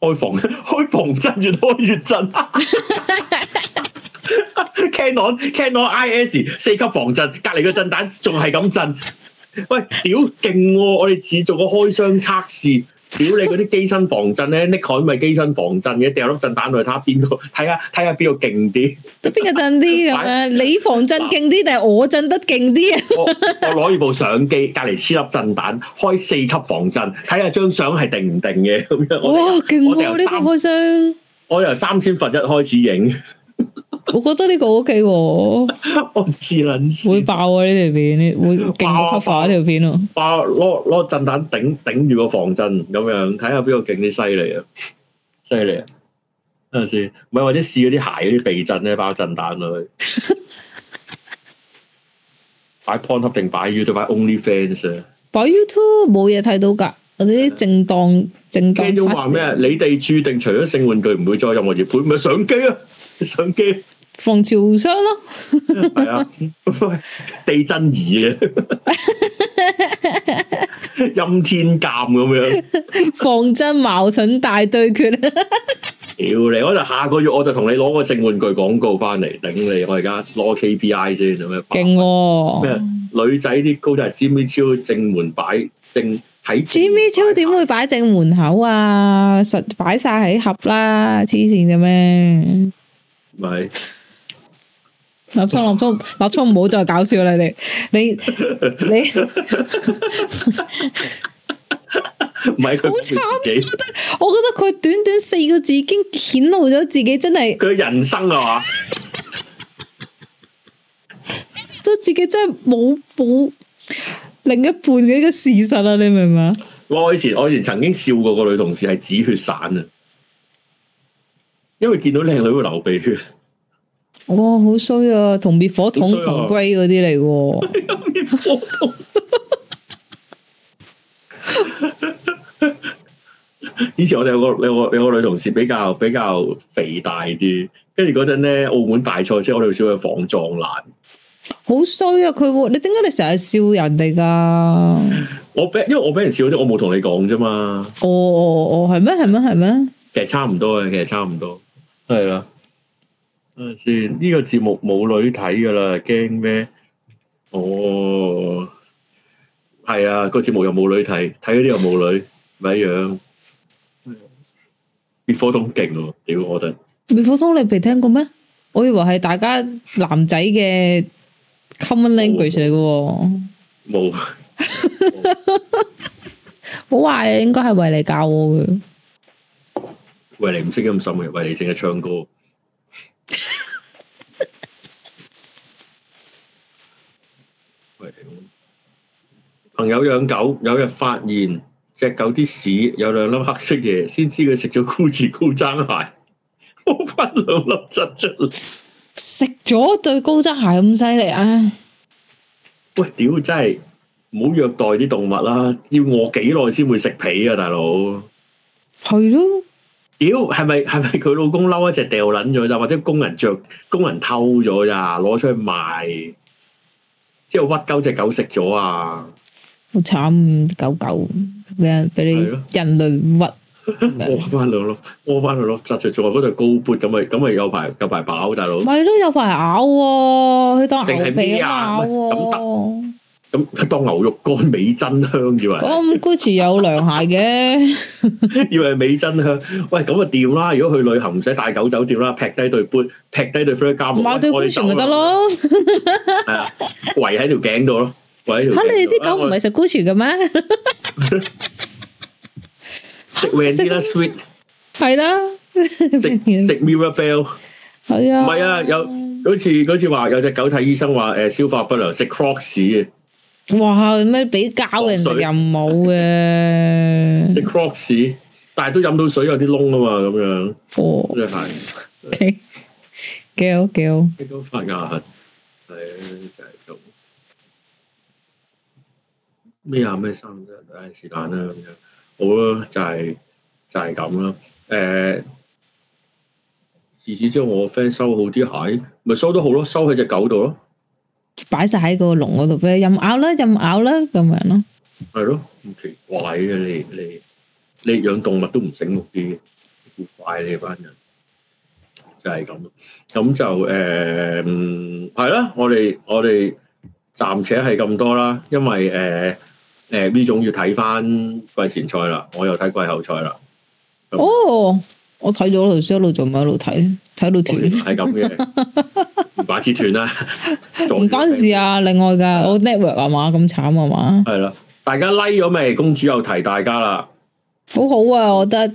開防，開防震越開越震。Canon Canon IS 四級防震，隔籬個震彈仲係咁震。喂，屌勁，我哋只做個開箱測試。屌 你嗰啲機身防震咧，Nikon 咪機身防震嘅，掉粒震彈落去睇下，度，睇下邊度勁啲，邊 個震啲咁樣？你防震勁啲，定係我震得勁啲啊？我攞住部相機，隔籬黐粒震彈，開四級防震，睇下張相係定唔定嘅咁。哇， 勁、哦、呢、哦、我哋咁、這個、開箱，我由三千分一開始影。我覺得呢個 O K 喎，我唔知啦，會爆啊呢條片，呢會勁爆發一條片咯，爆攞、啊、攞震彈頂頂住個防震咁樣，睇下邊個勁啲犀利啊，犀利啊，等陣先，唔係或者試嗰啲鞋嗰啲避震咧，包震彈咯，擺 point 盒定擺 YouTube Only Fans 啊，擺 YouTube 冇嘢睇到噶，嗰啲正當正當，驚話咩？你哋注定除咗性玩具唔會再任何嘢唔咪相機啊相機。上機啊上機防潮箱咯，係啊，地震儀啊，陰天鑑咁樣，防真矛盾大對決。屌你，我就下個月我就同你攞個正玩具廣告翻嚟頂你，我而家攞 KPI 先做咩？勁喎？女仔啲高就係 Jimmy Choo 正門擺正，喺 Jimmy Choo 點會擺正門口啊？實擺晒喺盒啦，黐線嘅咩？咪。立聰，立聰，立聰，唔好再搞笑啦！你，你，你，唔係佢，你，你， 我覺得，我覺得佢短短四個字已經顯露咗自， 自己真係佢人生啊嘛，你，自己真係冇冇另一半嘅你，個事實你、啊，你明唔明啊？我以前，我以前曾經笑過個女同事係止血散啊，因為見到靚女會流鼻血。哇，好衰啊，啊！同滅火筒同龜嗰啲嚟喎。 以前我哋有個有個有個女同事比較比較肥大啲，跟住嗰陣咧澳門大賽車我哋笑佢防撞欄，好衰啊！佢、啊、你點解你成日笑人哋、啊、噶？ 我俾因為我俾人笑咗，我冇同你講啫嘛。哦哦哦，係咩係咩係咩？其實差唔多嘅，其實差唔多，係啦。啊！先呢個節目冇女睇噶啦，驚咩？哦，係啊，個節目又冇女睇，睇嗰啲又冇女，咪一樣。滅火通勁喎，屌我覺得！滅火通你未聽過咩？我以為係大家男仔嘅 common language 嚟噶，冇。好壞啊，應該係維尼教我嘅。維尼唔識咁深嘅，維尼淨係唱歌。喂，朋友養狗，有日發現隻狗啲屎有兩粒黑色嘢，先知佢食咗高爾高踭鞋，冇翻兩粒出出嚟，食咗對高踭鞋咁犀利啊！喂，屌真係，唔好虐待啲動物啦，要餓幾耐先會食皮啊，大佬，係咯。屌，係咪係咪佢老公嬲一隻掉撚咗咋？或者工人着工人偷咗咋？攞出去賣，之後屈鳩隻狗食咗啊！好慘，狗狗，咩啊？俾你人類屈，我翻兩囉，我翻兩囉，集住仲係嗰度高撥咁咪咁咪有排有排飽，大佬。係咯，有排咬，佢當牛皮啊，咁得。咁當牛肉乾美珍香之嘛？哦，gucci 有涼鞋嘅，以為， 以為美珍香。喂，咁啊掂啦！如果去旅行唔使帶狗酒店啦，劈低對杯，劈低對 ferragamo 買對 gucci 咪得咯。係 啊，圍喺條頸度咯，圍喺條。吓你哋啲狗唔係食 gucci 嘅咩？食 vanilla sweet 係啦，食 mirabelle 係啊，唔係啊， 吃 啊？有好似好似話有隻狗睇醫生話誒消化不良食 crocs 屎。哇！咩俾膠嘅，又冇嘅。食 crocs，但係都飲到水，有啲窿啊嘛，咁樣，oh. 就是 okay. 啊就是、樣。哦，呢鞋。幾好，幾好。都發牙痕，係啊，成日都咩啊咩生啫，唉，是但啦咁樣。好啦、啊，就係、是、就係咁啦。誒、欸，事事將我 friend 收好啲蟹，咪收得好咯、啊，收喺隻狗度咯。擺晒喺個籠嗰度俾佢任咬啦，任咬啦，咁樣咯。係咯，咁奇怪嘅，你你你養動物都唔醒目啲，古怪你班人就係咁咯。咁就誒，係、嗯、啦。我哋我哋暫且係咁多啦，因為誒誒呢種要睇翻季前賽啦，我又睇季後賽啦。哦。我睇咗嗰條書，一路做咪一路睇，睇到斷。係咁嘅，把紙斷啦。唔關事啊，另外噶，我 network 係嘛，咁慘係嘛。係啦，大家 like 咗未？公主又提大家啦。好好啊，我覺得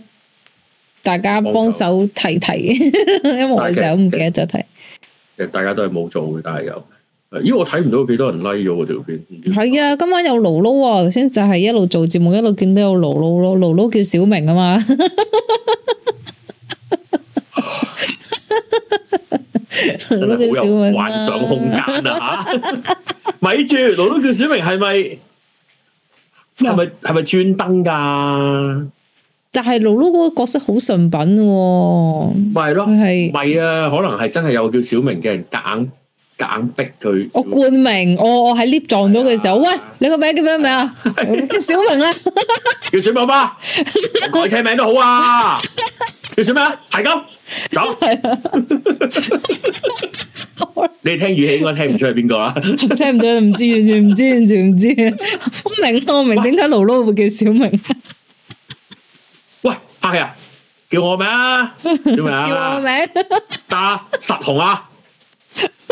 大家幫手提提，因為我就唔記得咗提。大家都係冇做嘅，但係有。咦，我睇唔到幾多人 like 咗嗰條片。係啊，今晚有盧盧啊，頭先就係一路做節目一路見到有盧盧咯。盧盧叫小明啊嘛。真係好有幻想空間啊！吓，咪住，盧盧叫小明係咪？係咪係咪專登噶？但係盧盧嗰個角色好純品喎，咪咯，係咪啊？可能係真係有叫小明嘅人夾硬夾硬逼佢。我冠名，我我喺 lift 撞到佢嘅時候，喂，你個名叫咩名啊？叫小明啊？叫水爸爸改車名都好啊！叫做咩啊？係咁，走。你聽語氣應該聽唔出係邊個啊？我 你聽唔到，唔知，唔知，完全唔知，完全唔知。我明，我明，點解盧盧會叫小明？喂，客氣啊？叫我咩？叫我名打啊？十紅啊？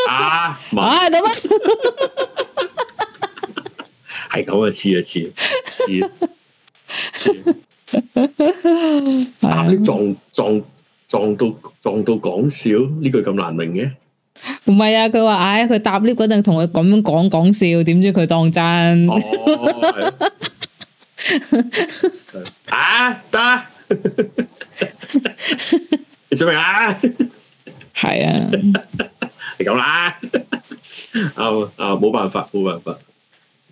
啊？哎，咁啊？係咁啊！似 啊！似！似！打 lift 撞撞撞到撞到講笑，呢句咁難明嘅？唔係啊，佢話唉，佢搭 lift 嗰陣同佢咁樣講講笑，點知佢當真？啊得，你做咩啊？係啊，係咁啦，啊啊冇辦法，冇辦法，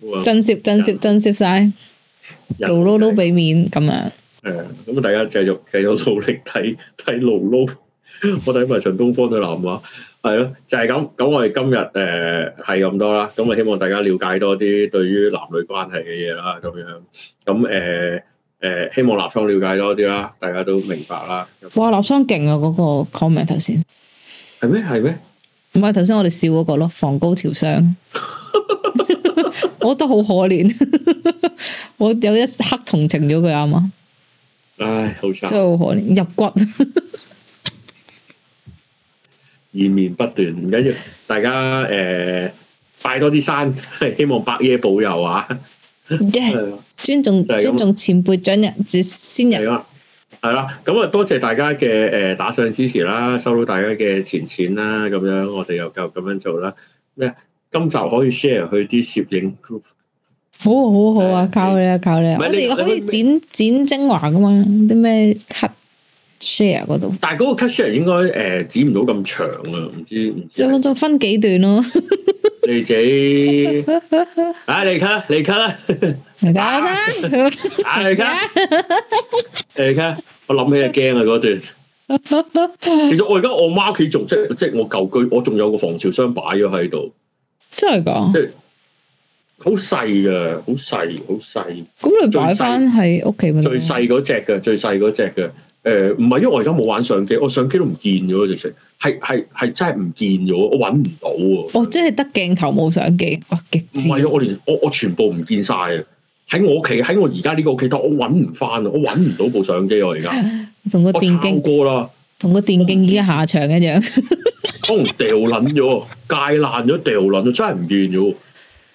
冇辦法，震懾震懾震懾晒。露露都俾面咁樣，誒、呃，咁啊，大家繼續繼續努力睇睇露露，努努 我睇埋上東方嘅南華，係咯，就係、是、咁，咁我哋今日誒係咁多啦，咁啊，希望大家了解多啲對於男女關係嘅嘢啦，咁樣，咁誒誒，希望立昌了解多啲啦，大家都明白啦。哇，立昌勁啊，嗰、那個 comment 頭先係咩？係咩？唔係頭先我哋笑嗰個咯，防高潮上。 我覺得好可憐， 我有一刻同情咗佢啊嘛。唉，好慘，真係好可憐，入骨，延 綿不斷。唔緊要，大家誒、呃、拜多啲山，希望伯爺保佑啊！即、yeah, 尊重、就是、尊重前輩人，進入先人。係啦，咁啊，多謝大家嘅誒、呃、打賞支持啦，收到大家嘅錢錢啦，咁樣我哋又繼續咁樣做啦咩？今集可以 share 佢啲攝影好好好啊，嗯、靠你啊，你靠你、啊！我哋可以剪可以剪精華噶嘛？啲咩 cut share 嗰度？但係嗰個 cut share 應該誒剪唔到咁長啊，唔知唔知。分幾段咯、啊 啊？你自己，哎，你 cut， 啊 啊、你 cut 啦，唔 得、啊，打你 cut，你 cut，我諗起就驚啊！嗰段， 其實我而家我媽屋企仲即即係我舊居，我仲有個防潮箱擺咗喺度。真係噶，即係好細噶，好細，好細。咁你擺翻喺屋企咪？最細嗰隻噶，最細嗰隻噶。誒，唔係，因為我而家冇玩相機，我相機都唔見咗。直情係係係真係唔見咗，我搵唔到啊。哦，即係得鏡頭冇相機，極唔係啊！我連我我全部唔見晒，喺我屋企，喺我而家呢個屋企，但我搵唔翻，我搵唔到部相機啊。 我而家同個電競過啦！同個電競已經下場一樣。可能掉撚咗，界爛咗，掉撚咗，真係唔見咗。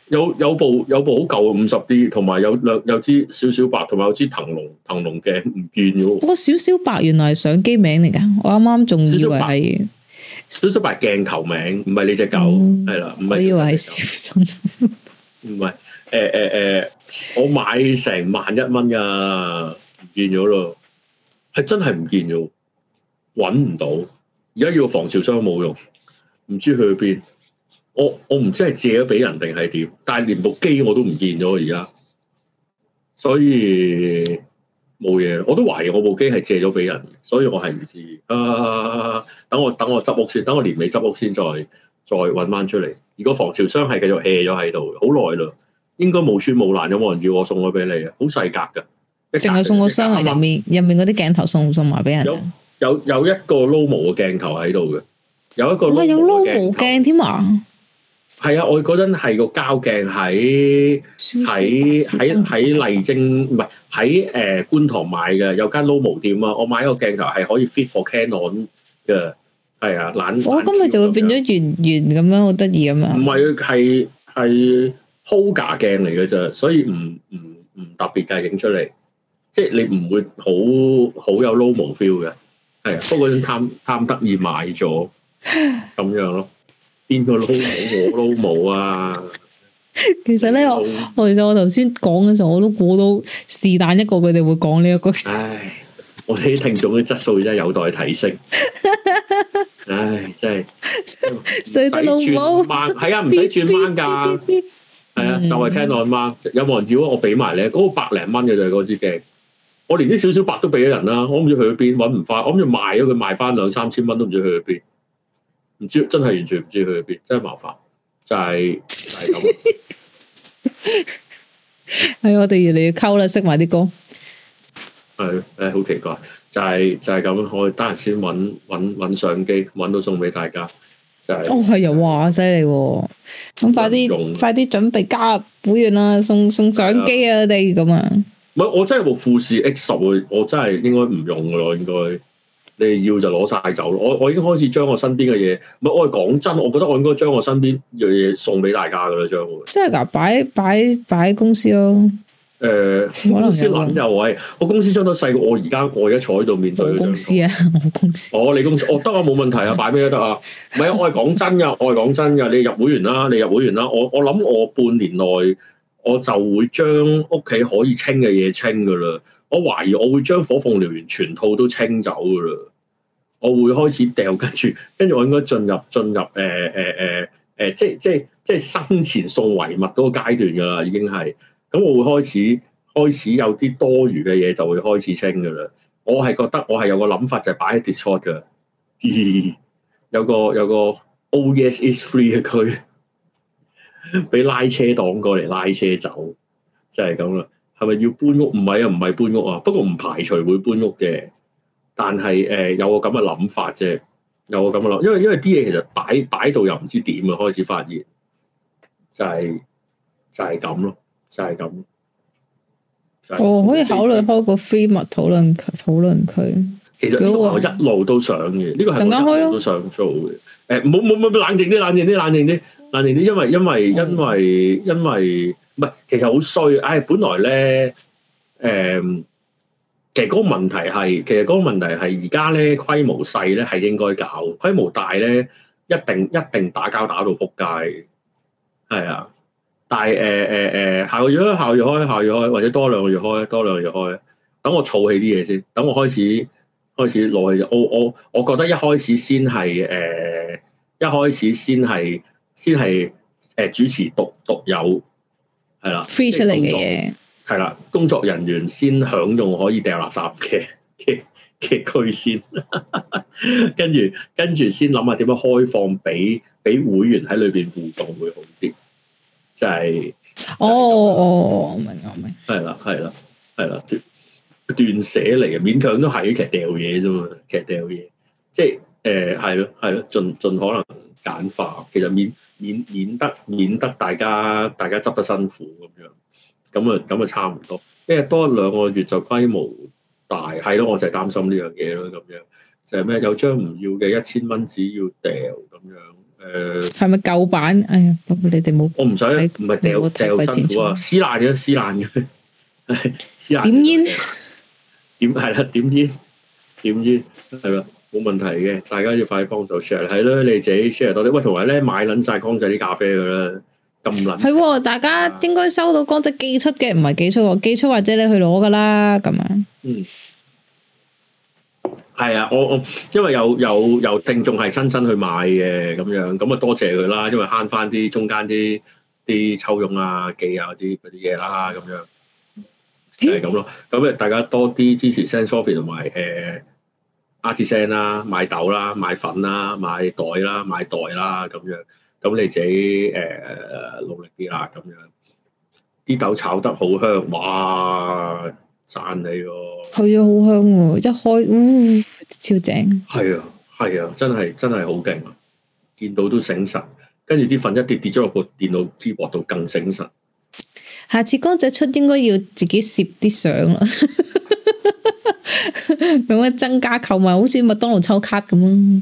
有部有部舊 50D，有部好舊五十 D，同埋有兩有支小小白，同埋有支騰龍騰龍鏡唔見咗。我小小白原來係相機名嚟噶，我啱啱仲以為係小小白鏡頭名，唔係你隻狗係啦，嗯，我以為係小小。唔 係，誒誒誒，我買成萬一蚊噶，唔見咗咯，係真係唔見咗，搵唔到。而家要防潮箱冇用，唔知去邊。我我唔知係借咗俾人定係點，但係連部機我都唔見咗。而家所以冇嘢，我都懷疑我部機係借咗俾人，所以我係唔知，啊。等我等我執屋先，等我年尾執屋先再，再再搵翻出嚟。如果防潮箱係繼續 hea 咗喺度，好耐啦。應該冇穿冇爛，有冇人要我送咗俾你啊？好細格噶，淨係送個箱入面入面嗰啲鏡頭送唔送埋俾人？有有一個 Lomo 嘅鏡頭喺度嘅，有一個唔係有 Lomo 鏡添啊！係啊，我嗰陣係個膠鏡喺喺喺喺麗晶，唔係喺誒觀塘買嘅，有間 Lomo 店啊。我買個鏡頭係可以 fit for Canon 嘅，係、嗯、啊，懶我今日就會變咗圓圓咁樣，好得意啊嘛！唔係，係係 Holga 鏡嚟嘅啫，所以唔唔唔特別嘅影出嚟，即係你唔會好好有 Lomo feel 嘅。嗯係，不過嗰陣貪貪得意買咗，咁樣咯。邊個撈到我撈冇啊？ 其實咧，我我其實我頭先講嘅時候，我都估到是但一個佢哋會講呢一個。唉，我哋啲聽眾嘅質素真係有待提升。 唉，真係。捨得老母。掹係啊，唔使轉掹噶。係 啊，就係聽我掹。有冇人要啊？我俾埋你，嗰、嗰個百零蚊嘅就係嗰支鏡。我連啲少少白都俾咗人啦，我唔知去咗邊，搵唔翻。我諗住賣咗佢，賣翻兩三千蚊都唔知去咗邊，唔知真係完全唔知去咗邊，真係麻煩。就係、是、就係、是、咁。係、 哎、我哋越嚟越溝啦，識埋啲歌。係、哎、誒、好、哎、奇怪，就係、是、就係、是、咁。我哋得閒先搵搵相機，搵到送俾大家。就係、是、哦，係又哇，犀利、啊！咁快啲快啲準備加入會員啦，送送相機啊，你咁啊！唔係，我真係部富士 X 十，我我真係應該唔用噶咯，應該你要就攞晒走咯。我我已經開始將我身邊嘅嘢，唔係我係講真，我覺得我應該將我身邊樣嘢送俾大家噶啦，將即係嗱，擺擺擺公司咯。誒、欸，可能公司搵又喂，我公司將得細過我而家，我而家坐喺度面對公司啊，我公司，我你公司，我得我冇問題啊，擺咩都得啊。唔 係，我係講真噶，我係講真噶，你入會員啦，你入會員啦。我我諗我半年內。我就會將屋企可以清嘅嘢清㗎喇，我懷疑我會將火鳳燎原全套都清走㗎喇，我會開始掉，跟住，跟住我應該進入進入誒誒誒誒，即係即係即係生前送遺物嗰個階段㗎啦，已經係咁，我會開始開始有啲多餘嘅嘢就會開始清㗎喇，我係覺得我係有個諗法就係擺喺 Discord 嘅，而、哎、有個有個 Oh yes is free 嘅區。俾 拉車黨過嚟拉車走，就係咁啦。係咪要搬屋？唔係啊，唔係搬屋啊。不過唔排除會搬屋嘅。但係誒、呃，有個咁嘅諗法啫。有個咁嘅諗，因為因為啲嘢其實擺擺到又唔知點啊。開始發現，就係就係咁咯，就係、是、咁。我、就是就是就是哦、可以考慮開個 free 物討論討論區。其實這我一路都想嘅，呢、這個係我一路都想做嘅。誒，冇、欸，唔好唔好唔好冷靜啲，冷靜啲，冷靜啲。但係啲，因為因為因為因為唔係，其實好衰。唉、哎，本來咧，誒、嗯，其實嗰個問題係，其實嗰個問題係而家咧規模細咧係應該搞，規模大咧一定一定打交打到撲街。係啊，但係誒誒誒，下個月，下個月開，下個月開，下個月開，或者多兩個月開，多兩個月開，等我儲起啲嘢先，等我開始開始落去。我我我覺得一開始先係誒、呃，一開始先係。先係誒主持獨獨有係啦，free 出嚟嘅嘢係啦，工作人員先享用可以掉垃圾嘅嘅嘅區先，跟住跟住先諗下點樣開放俾俾會員喺裏邊互動會好啲，就係哦哦，明我明，係啦係啦係啦，斷捨離嚟嘅，勉強都係其實掉嘢啫嘛，其掉嘢，即係誒係咯係咯，盡、呃、盡可能。簡化，其實免免免得免得大家大家執得辛苦咁樣，咁啊咁啊差唔多，因為多兩個月就規模大，係咯，我就係擔心呢樣嘢咯，咁樣就係、是、咩有張唔要嘅一千蚊紙要掉咁樣，誒係咪舊版？哎呀，不，不你過你哋冇我唔使，唔係掉掉辛苦咗啊！撕爛咗，撕爛咗，撕爛 點， 點煙？點係啦？點煙點煙係啦。冇問題嘅，大家要快啲幫手 share，係咯，你自己 share 多啲。喂，同埋咧買撚晒光仔啲咖啡噶啦，咁撚係喎。大家應該收到光仔寄出嘅，唔係寄出，寄出或者你去攞噶啦，咁樣。嗯，係啊，我我因為有有有定仲係親身去買嘅，咁樣咁啊，就多謝佢啦，因為慳翻啲中間啲啲抽傭啊、寄啊嗰啲啲嘢啦，咁樣係咁咯。咁啊，就是、大家多啲支持 Sense Coffee 同埋誒。欸阿次聲啦，買豆啦，買粉啦，買袋啦，買袋啦，咁樣咁你自己誒、呃、努力啲啦，咁樣啲豆炒得好香，哇！讚你喎，係啊，好香喎，一開，哇、嗯，超正，係啊，係啊，真係真係好勁啊，見到都醒神，跟住啲粉一跌跌咗落部電腦支殼度，更醒神。下次光仔出應該要自己攝啲相啦。 咁樣增加購物，好似麥當勞抽卡咁咯。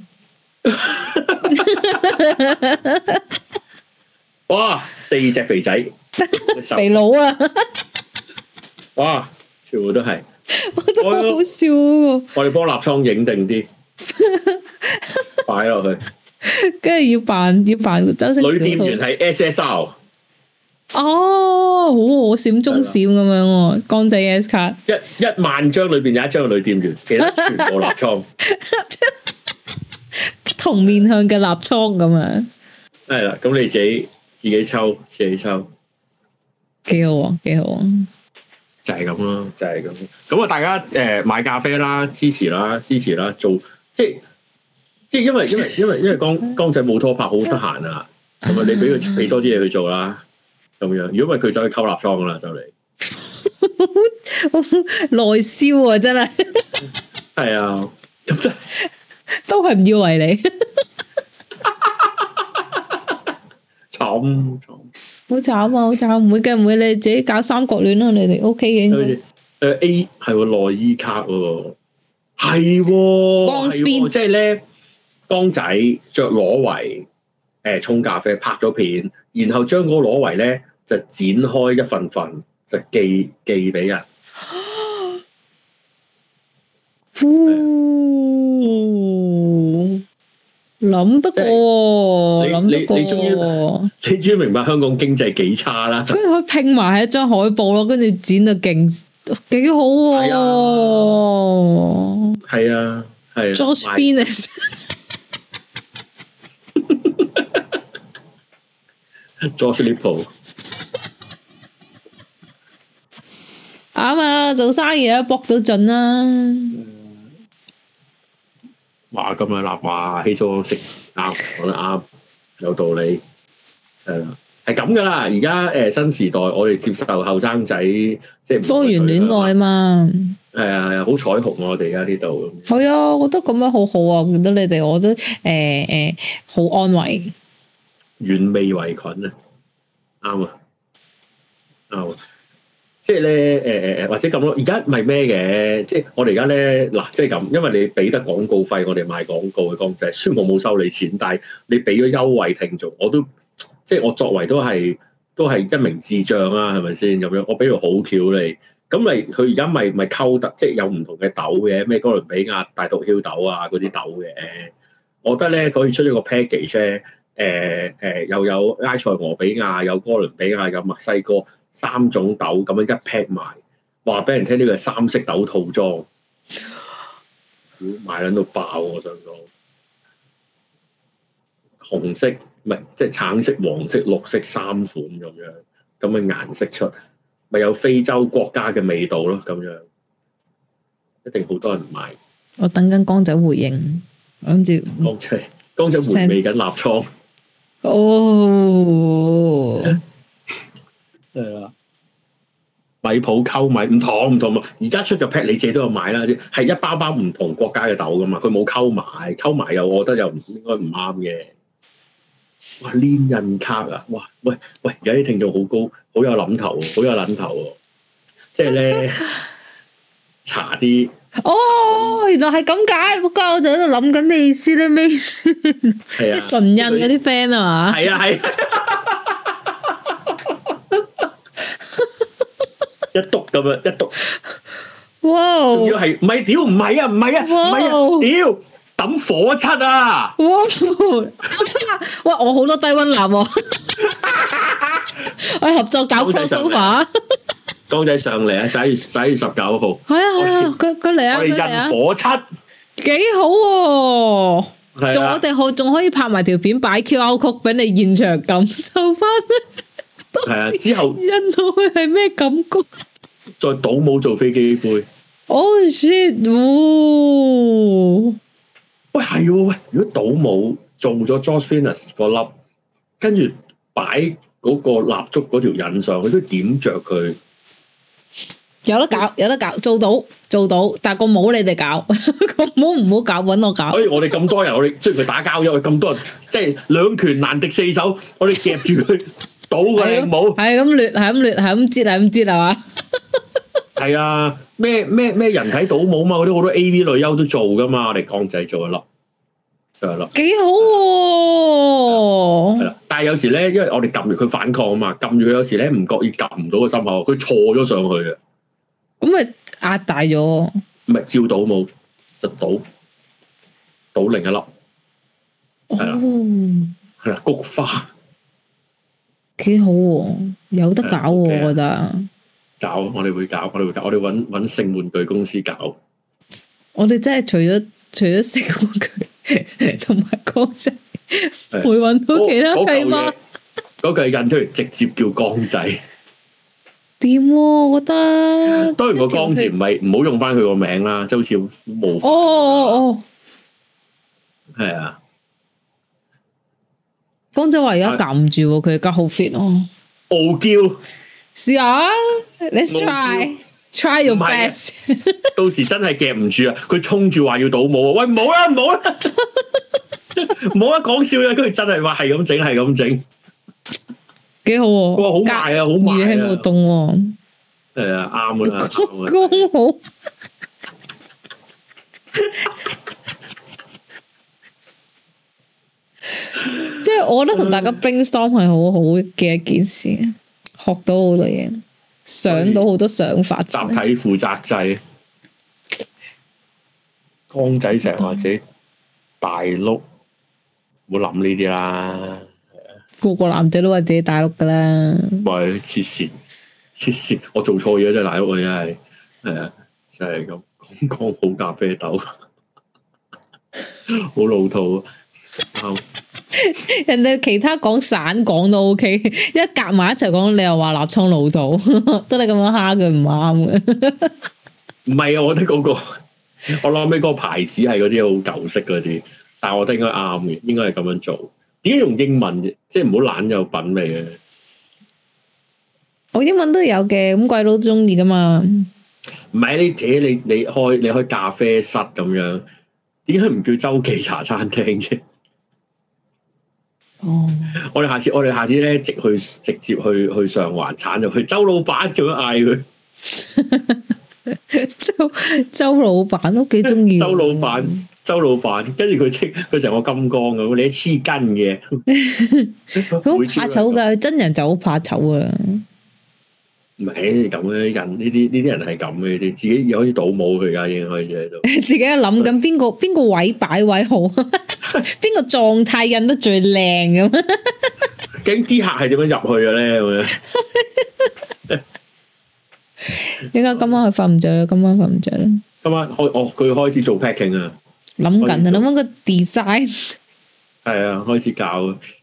哇，四隻肥仔，肥佬啊！哇，全部都係，我覺得好好笑。我哋幫立倉影定啲，擺落去，跟住要扮要扮周星女店員係 SSR。哦，好，好，我閃中閃咁樣，光仔嘅 S 卡，一一萬張裏邊有一張女店員，其他全部立倉， 同面向嘅立倉咁樣。係啦，咁你自己自己抽，自己抽，幾好啊，幾好啊，就係咁咯，就係、是、咁。咁啊，大家誒、呃、買咖啡啦，支持啦，支持啦，做即係即係，因為因為因為因為光光仔冇拖拍，好得閒啊，咁 啊，你俾佢俾多啲嘢去做啦。咁樣，如果唔係佢走去抽立燭噶啦，就嚟好內銷啊，真係係啊，咁 都係唔要為你慘慘，好 慘 啊，好慘，唔會嘅，唔會，的會的你自己搞三角戀咯、啊，你哋 O K 嘅。誒、呃、A 係個內衣卡喎、啊，係喎、啊，即係咧，江、就是、仔着裸圍誒沖咖啡拍咗片，然後將嗰個裸圍咧。就剪開一份份，就寄寄俾人。哦，諗得過，諗得過。你你你終於，你終於明白香港經濟幾差啦。跟住佢拼埋喺一張海報咯，跟住剪到勁，幾好。係啊，係啊，Josh Business，Josh Lipow。啱啊！做生意啊，搏到盡啦。哇！咁日立話起初識啱，講得啱，有道理。係啦，係咁噶啦。而家誒新時代，我哋接受後生仔，即係多元戀愛嘛。係啊係啊，好彩虹啊！我哋而家呢度。係啊，我覺得咁樣好好啊！見到你哋，我都誒誒好安慰。原味維菌啊，啱啊，啱。即係咧，誒誒誒，或者咁咯。而家咪咩嘅？即係我哋而家咧，嗱，即係咁。因為你俾得廣告費，我哋賣廣告嘅公仔，雖然我冇收你錢，但係你俾咗優惠聽眾，我都即係我作為都係都係一名智障啦，係咪先咁樣？我俾到好橋你。咁咪佢而家咪咪溝得，即係有唔同嘅豆嘅，咩哥倫比亞大毒梟豆啊，嗰啲豆嘅。我覺得咧可以出一個 package 咧，誒誒又有埃塞俄比亞，有哥倫比亞，有墨西哥。三種豆咁樣一劈埋，c 話俾人聽呢個三色豆套裝，賣撚到爆喎！上個紅色唔係即係橙色、黃色、綠色三款咁樣咁嘅顏色出，咪有非洲國家嘅味道咯咁樣，一定好多人買的。我等緊江仔回應，諗住江仔江仔回味緊臘倉哦。係啦，米普溝米唔同唔同嘛，而家出咗 pack 你自己都有買啦，係一包包唔同國家嘅豆噶嘛，佢冇溝埋，溝埋又我覺得又不應該唔啱嘅。哇，連印卡啊！哇，喂喂，而家啲聽眾好高，好有諗頭，好有諗頭，即係咧，查啲哦，哦，原來係咁解， 我就喺度諗緊咩意思咧？咩 係是啊？ 即純印嗰啲 friend 啊嘛，係 啊係。 一督咁樣，一督，哇！仲要係咪屌唔係啊？唔係啊？唔係啊！屌抌火漆啊！哇！哇！我好多低溫男，我合作搞 crossover，光仔上嚟啊！十一十一月十九號，係啊係啊，佢佢嚟啊佢嚟啊！火漆幾好喎，仲我哋可仲可以拍埋條片擺 QR 曲俾你現場感受翻。係啊，之後印到佢係咩感覺？再倒帽做飛機杯。Oh shit！喂，係喎喂，如果倒帽做咗 Josephine 個粒，跟住擺嗰個蠟燭嗰條印上去，都點着佢？有得搞，有得搞，做到做到，但係個帽你哋搞，個帽唔好搞，搵我搞。所以我哋咁多人，我哋雖然佢打交，因為咁多人，即係兩拳難敵四手，我哋夾住佢。倒嘅靚模係咁虐，係咁虐，係咁截，係咁截係嘛？係啊，咩咩咩人體倒模嘛，嗰啲好多 A V 女優都做噶嘛，我哋光仔做一粒，就係粒，幾好喎，啊！係啦，但係有時咧，因為我哋撳住佢反抗啊嘛，撳住佢有時咧唔覺意撳唔到個心口，佢錯咗上去嘅。咁咪壓大咗？唔係照倒模，就倒倒另一粒。哦，係、oh. 啦，菊花。幾好、啊、有得搞、啊，yeah, okay. 我覺得。搞，我哋會搞，我哋會搞，我哋搵搵性玩具公司搞。我哋真係除咗除咗性玩具，同埋光仔，會、yeah. 搵到其他計嗎？嗰計印出嚟直接叫光仔。點、 啊？我覺得。當然個光 字唔係唔好用翻佢個名啦，即係好似冇。哦哦哦哦。係啊。江仔話而家撳唔住佢而家好 fit 哦，傲嬌，試下，let's try，try your best。到時真係夾唔住啊！佢衝住話要倒帽啊！喂，唔好啦，唔好啦，唔好啦，講笑啦！跟住真係話係咁整，係咁整，幾好喎！哇，好大啊，好賣啊！預慶活動，係啊，啱啦，講好。即係我覺得同大家 brainstorm 係好好嘅一件事，學到好多嘢，想到好多想法。集體負責制，光仔成或者大碌，唔好諗呢啲啦。個個男仔都話自己大碌噶啦。喂，係黐線，黐線！我做錯嘢真係大碌，我真係，係啊，就係、是、咁，剛剛好咖啡豆，好 老土套。 人哋其他講散講都 O、OK, K，一夾埋一齊講，你又話立倉老土，真係咁樣蝦佢唔啱嘅。唔係啊，我睇嗰、那個，我諗起嗰個牌子係嗰啲好舊式嗰啲，但係我睇應該啱嘅，應該係咁樣做。點解用英文啫？即係唔好懶有品味嘅。我英文都有嘅，咁鬼佬都中意噶嘛。唔係、啊、你扯你你開你開咖啡室咁樣，點解唔叫周記茶餐廳啫？哦、oh.，我哋下次我哋下次咧，直去直接去去上環鏟，就去周老闆咁樣嗌佢， 周周老闆都幾中意，周老闆周老闆，跟住佢即佢成個金剛咁，你黐根嘅，佢 好 怕醜噶，佢真人就好怕醜啊。唔係，咁咧，印呢啲呢啲人係咁嘅，你自己又賭武佢而家已經可以喺度，自己諗緊邊個邊個位擺位好，邊個狀態印得最靚咁。咁啲客係點樣入去嘅咧？咁樣。應該今晚佢瞓唔著啦，今晚瞓唔著啦。今晚開，哦，佢開始做 packing 啊。諗緊啊，諗緊個 design。係啊，開始教。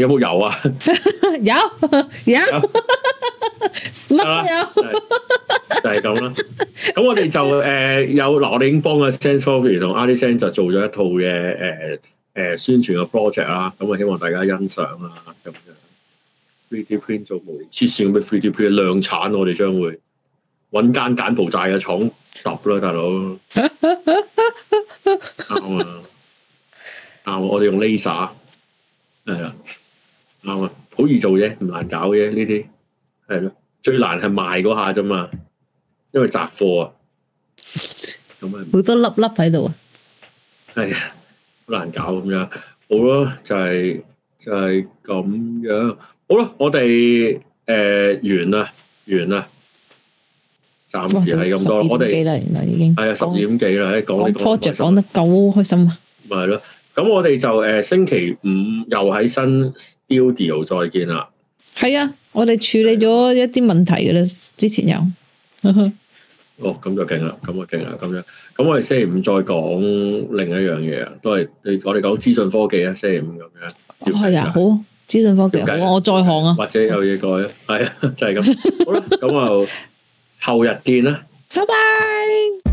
有冇有啊？有有乜有？有 行了 就係咁啦。咁、嗯、 我哋就誒、呃、有嗱、呃，我哋已經幫阿 s a n t s Coffee 同 Artist 就做咗一套嘅誒誒宣傳嘅 project 啦。咁啊，希望大家欣賞啦。咁、啊、樣 3D print 做模，黐線咁嘅 3D print 量產，我哋將會搵間柬埔寨嘅廠揼啦，大佬。啱 啊！啱、啊，我哋用 laser 係啊。 啱啊，好易做啫，唔難搞嘅呢啲，係咯，最難係賣嗰下啫嘛，因為雜貨啊，咁啊，好多粒粒喺度啊，係、哎、啊，好難搞咁樣，好咯，就係就係咁樣，好咯，我哋誒完啦，完啦，暫時係咁多，哦、我哋係啊，十二點幾啦，講 project 講得夠開心啊，咪係咯。咁我哋就誒、呃、星期五又喺新 studio 再見啦。係啊，我哋處理咗一啲問題嘅啦、啊，之前有。 哦，咁就勁啦，咁啊勁啦，咁樣，樣。咁我哋星期五再講另一樣嘢啊，都係我哋講資訊科技啊，星期五咁樣。係啊，好資訊科技，我我在行啊。對。或者有嘢改啊。係啊，就係、是、咁。 好啦，咁啊，後日見啦，拜拜。